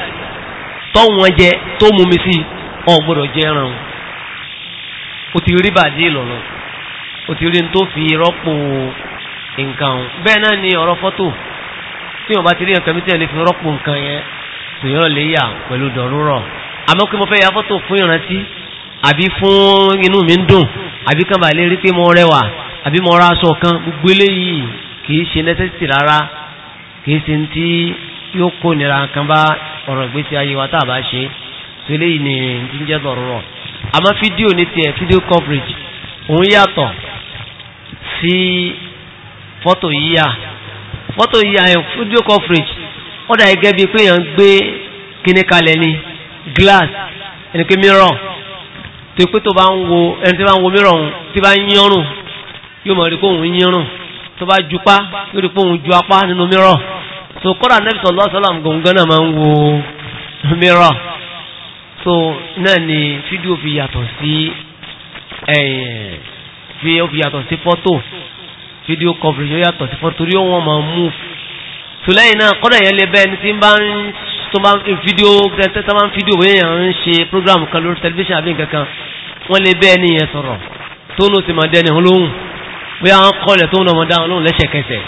[SPEAKER 1] tọ́wọ́n jẹ tó mú mi sí ọ̀ gbọ́dọ̀ jẹ ẹran o ti rí bàjẹ́ ìlọ̀lọ́ o ti rí n tó fi rọ́pò nǹkan o bẹ́ẹ̀ náà ni ọ̀rọ̀ fọ́tò tí wọn bá ti rí nǹkan mi tí yẹn lè fi rọ́pò nǹkan yẹn tòyọ́ lè yà pẹ̀lú dọ̀rúrọ̀ àmọ́ pé mo fẹ́ ya fọ́tò fún ìrántí àbí fún inú mi ń dùn àbí kan bà lè rí pé rẹwà àbí mo ra aṣọ kan gbogbo eléyìí kìí ṣe necessity rárá kìí ṣe tí yóò kó nira kan bá ọ̀rọ̀ ìgbésí ayé wa tá a bá ṣe tó eléyìí ni ti ń jẹ́ àmọ́ fídíò ní tiẹ̀ fídíò coverage òun yàtọ̀ sí fọ́tò yíyà fọ́tò yíyà fídíò coverage ó dà gẹ́gẹ́ bíi pé èèyàn gbé kíní kalẹ̀ ni glass ẹni pé tó pé tó bá ń wo ẹni tí bá ń wo mìíràn òun tí bá ń yánrùn yóò mọ̀ rí pé òun yánrùn tó bá jupá yóò rí pé ju apá nínú mìíràn so kọ́dà nẹ́bí sallallahu alaihi wasallam gọ̀ǹgán náà máa ń wo mìíràn so náà ni fídíò fi yàtọ̀ sí ẹ̀yìn fi ó fi yàtọ̀ sí fọ́tò fídíò coverage ó yàtọ̀ sí fọ́tò torí ó wọ́n máa mú so náà kọ́dà yẹn lè bẹ́ẹ̀ ni tí bá ń tó máa ń fídíò gẹ́gẹ́ tó máa ń fídíò wọ́n yẹn ń ṣe program kan lórí tẹlifíṣàn àbí nǹkan kan wọ́n lè bẹ́ẹ̀ ní yẹn sọ̀rọ̀ tó ló ti máa dẹni olóhùn bóyá wọ́n kọ́ ilẹ̀ tó ń lọ́mọ dá olóhùn lẹ́sẹ̀kẹsẹ̀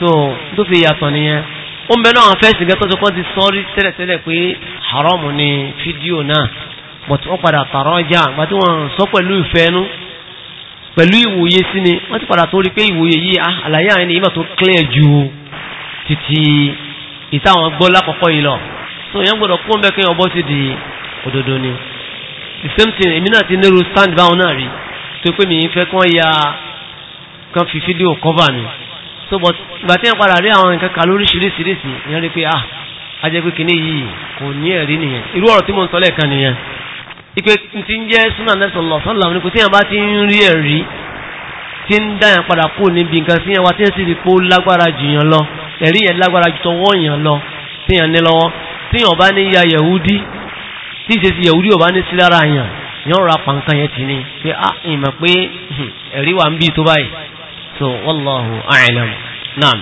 [SPEAKER 1] tó tó fi yàtọ̀ nìyẹn ó ń bẹ náà fẹ́sì gẹ́gẹ́ tó kọ́ ti sọ́rí tẹ́lẹ̀tẹ́lẹ̀ pé haram ni fídíò náà but wọ́n padà tààrọ́ jà àgbà tí wọ́n sọ pẹ̀lú ìfẹ́nu pẹ̀lú ìwòye sí ni wọ́n ti padà tó rí pé ìwòye yìí ah, àlàyé àyìn ni ìmọ̀ tó clear ju títí ìtàwọn gbọ́ lákọ̀ọ́kọ́ yìí lọ so èèyàn gbọ́dọ̀ kó ń bẹ́ kéèyàn bọ́ sí di òdodo ni the same thing èmi náà ti nírú stand báwọn náà rí tó pé mi fẹ́ kán ya kán fi fídíò cover mi so but ìgbà tí èèyàn padà rí àwọn nǹkan kan lóríṣiríṣiríṣi èèyàn rí pé ah ajẹ́ pé kìíní yìí kò ní ẹ̀rí nìyẹn irú ọ̀rọ̀ tí mo ń sọ lẹ́ẹ̀kan nìyẹn ipe ti ń jẹ́ súnà nẹ́sàn lọ sọ́nà ní kò tí yàn bá ti ń rí ẹ̀rí tí ń dáyàn padà kú níbi nǹkan sí yàn wá tí yàn sì rí pé lágbára jù yàn lọ ẹ̀rí yẹn lágbára ju tọwọ́ èèyàn lọ téèyàn ní lọ́wọ́ téèyàn bá ní ya yẹ̀wúdí tí ìṣe ti yẹ̀wúdí ò bá ní sí lára yàn yàn ra pàǹkan yẹn ti ní pé a ìmọ̀ pé ẹ̀rí wà ń bí tó báyìí so wallahu a'lam naam.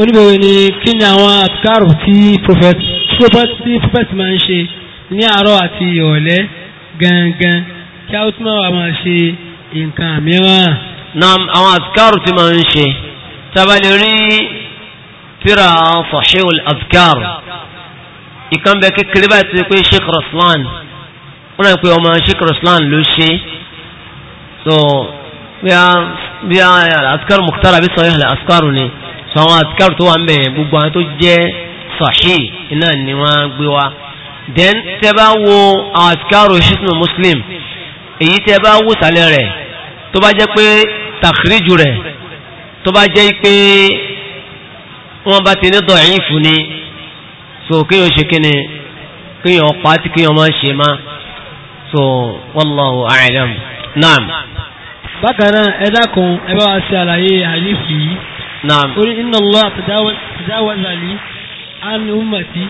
[SPEAKER 4] oníbẹ̀rẹ̀ ni kí ni àwọn àtikárò tí prophet prophet máa ń ṣe ní àárọ̀ àti ìrọ̀lẹ́ gangan kí a ó tún máa wà máa ṣe nǹkan mìíràn. naam àwọn àtikárò tí máa ń ṣe tabali rí
[SPEAKER 1] tíra sahihul azkar ìkan bẹ kékeré báyìí ti pé sheikh raslan wọn náà pé ọmọ sheikh raslan ló ṣe so bí a azkar mukhtar àbí sahih azkar ni so àwọn azkar tó wà ń bẹ̀ gbogbo àwọn tó jẹ́ sahih iná ni wọ́n gbé wa then tẹ bá wo àwọn àtikáàrò muslim èyí tẹ bá wò sálẹ̀ tó bá jẹ́ pé tàkìríjù rẹ̀ tó bá jẹ́ pé wọ́n bá ti ní dọ̀yìn fún ni so kéèyàn ṣe kí ni kéèyàn pa á ti kéèyàn máa ṣe má so wallahu a'lam naam.
[SPEAKER 4] bákan náà ẹ dákun ẹ bá wa ṣe àlàyé àlífù yìí. naam. ó ní inna Allah tajawaza li an ummati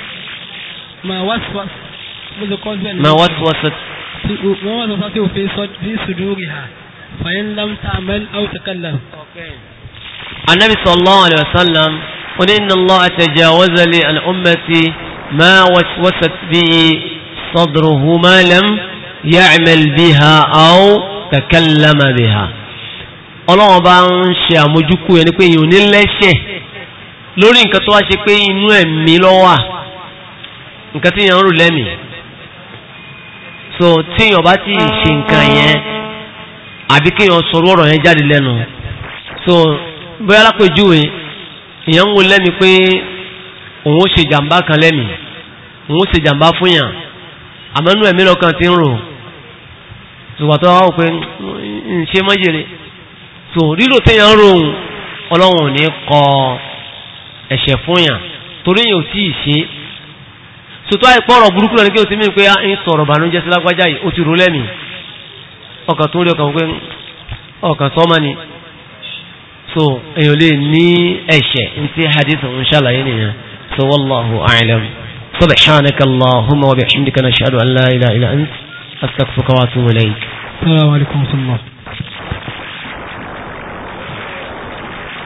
[SPEAKER 4] ma waswas mo ti kọ́ bẹ́ẹ̀ ni. ma waswasat. wọ́n wá sọ sáté òfin sọ ní sùdúrì ha fàyín lam ta'mal aw النبي صلى الله عليه وسلم
[SPEAKER 1] ó ní inna Allah tajawaza li an ummati ma waswasat bihi sadruhu ma lam ya'mal biha aw takallama biha ọlọ́wọ́n bá ń ṣe àmójúkú ẹni pé èyàn ò ní lẹ́ṣẹ̀ lórí nǹkan tó wá ṣe pé inú ẹ̀mí lọ́wà nǹkan tí èyàn ń rò lẹ́mìí so tí èyàn bá ti ṣe nǹkan yẹn àbí kéèyàn sọ̀rọ̀ ọ̀rọ̀ yẹn jáde lẹ́nu so bóyá lápèjúwe èèyàn ń wo lẹ́mi pé òun ó ṣe jàǹbá kan lẹ́mi òun ó ṣe jàǹbá fún yàn àmọ́ inú ẹ̀mí lọ́kàn ti ń rò ṣùgbọ́n tó wá pé ń ṣe mọ́jèrè tó rírò téèyàn ń rohùn ọlọ́run ò ní kọ ẹ̀ṣẹ̀ fún yàn torí yàn ò tí ì ṣe sòtò àìpọ̀ ọ̀rọ̀ burúkú lọ́nà kí o ti mí pé ah, ń sọ̀rọ̀ bànújẹ́ sí lágbájá yìí ó ti rò lẹ́mìí ọkàn tó ń rí ọkàn pé ọkàn sọ́mọ́ ni so èyàn lè ní ẹ̀ṣẹ̀ nti hadith ń ṣàlàyé ya so wallahu a'lam subhanaka allahumma wa bihamdika nashhadu an la ilaha illa anta astaghfiruka wa atubu ilayk
[SPEAKER 4] assalamu alaikum wa rahmatullahi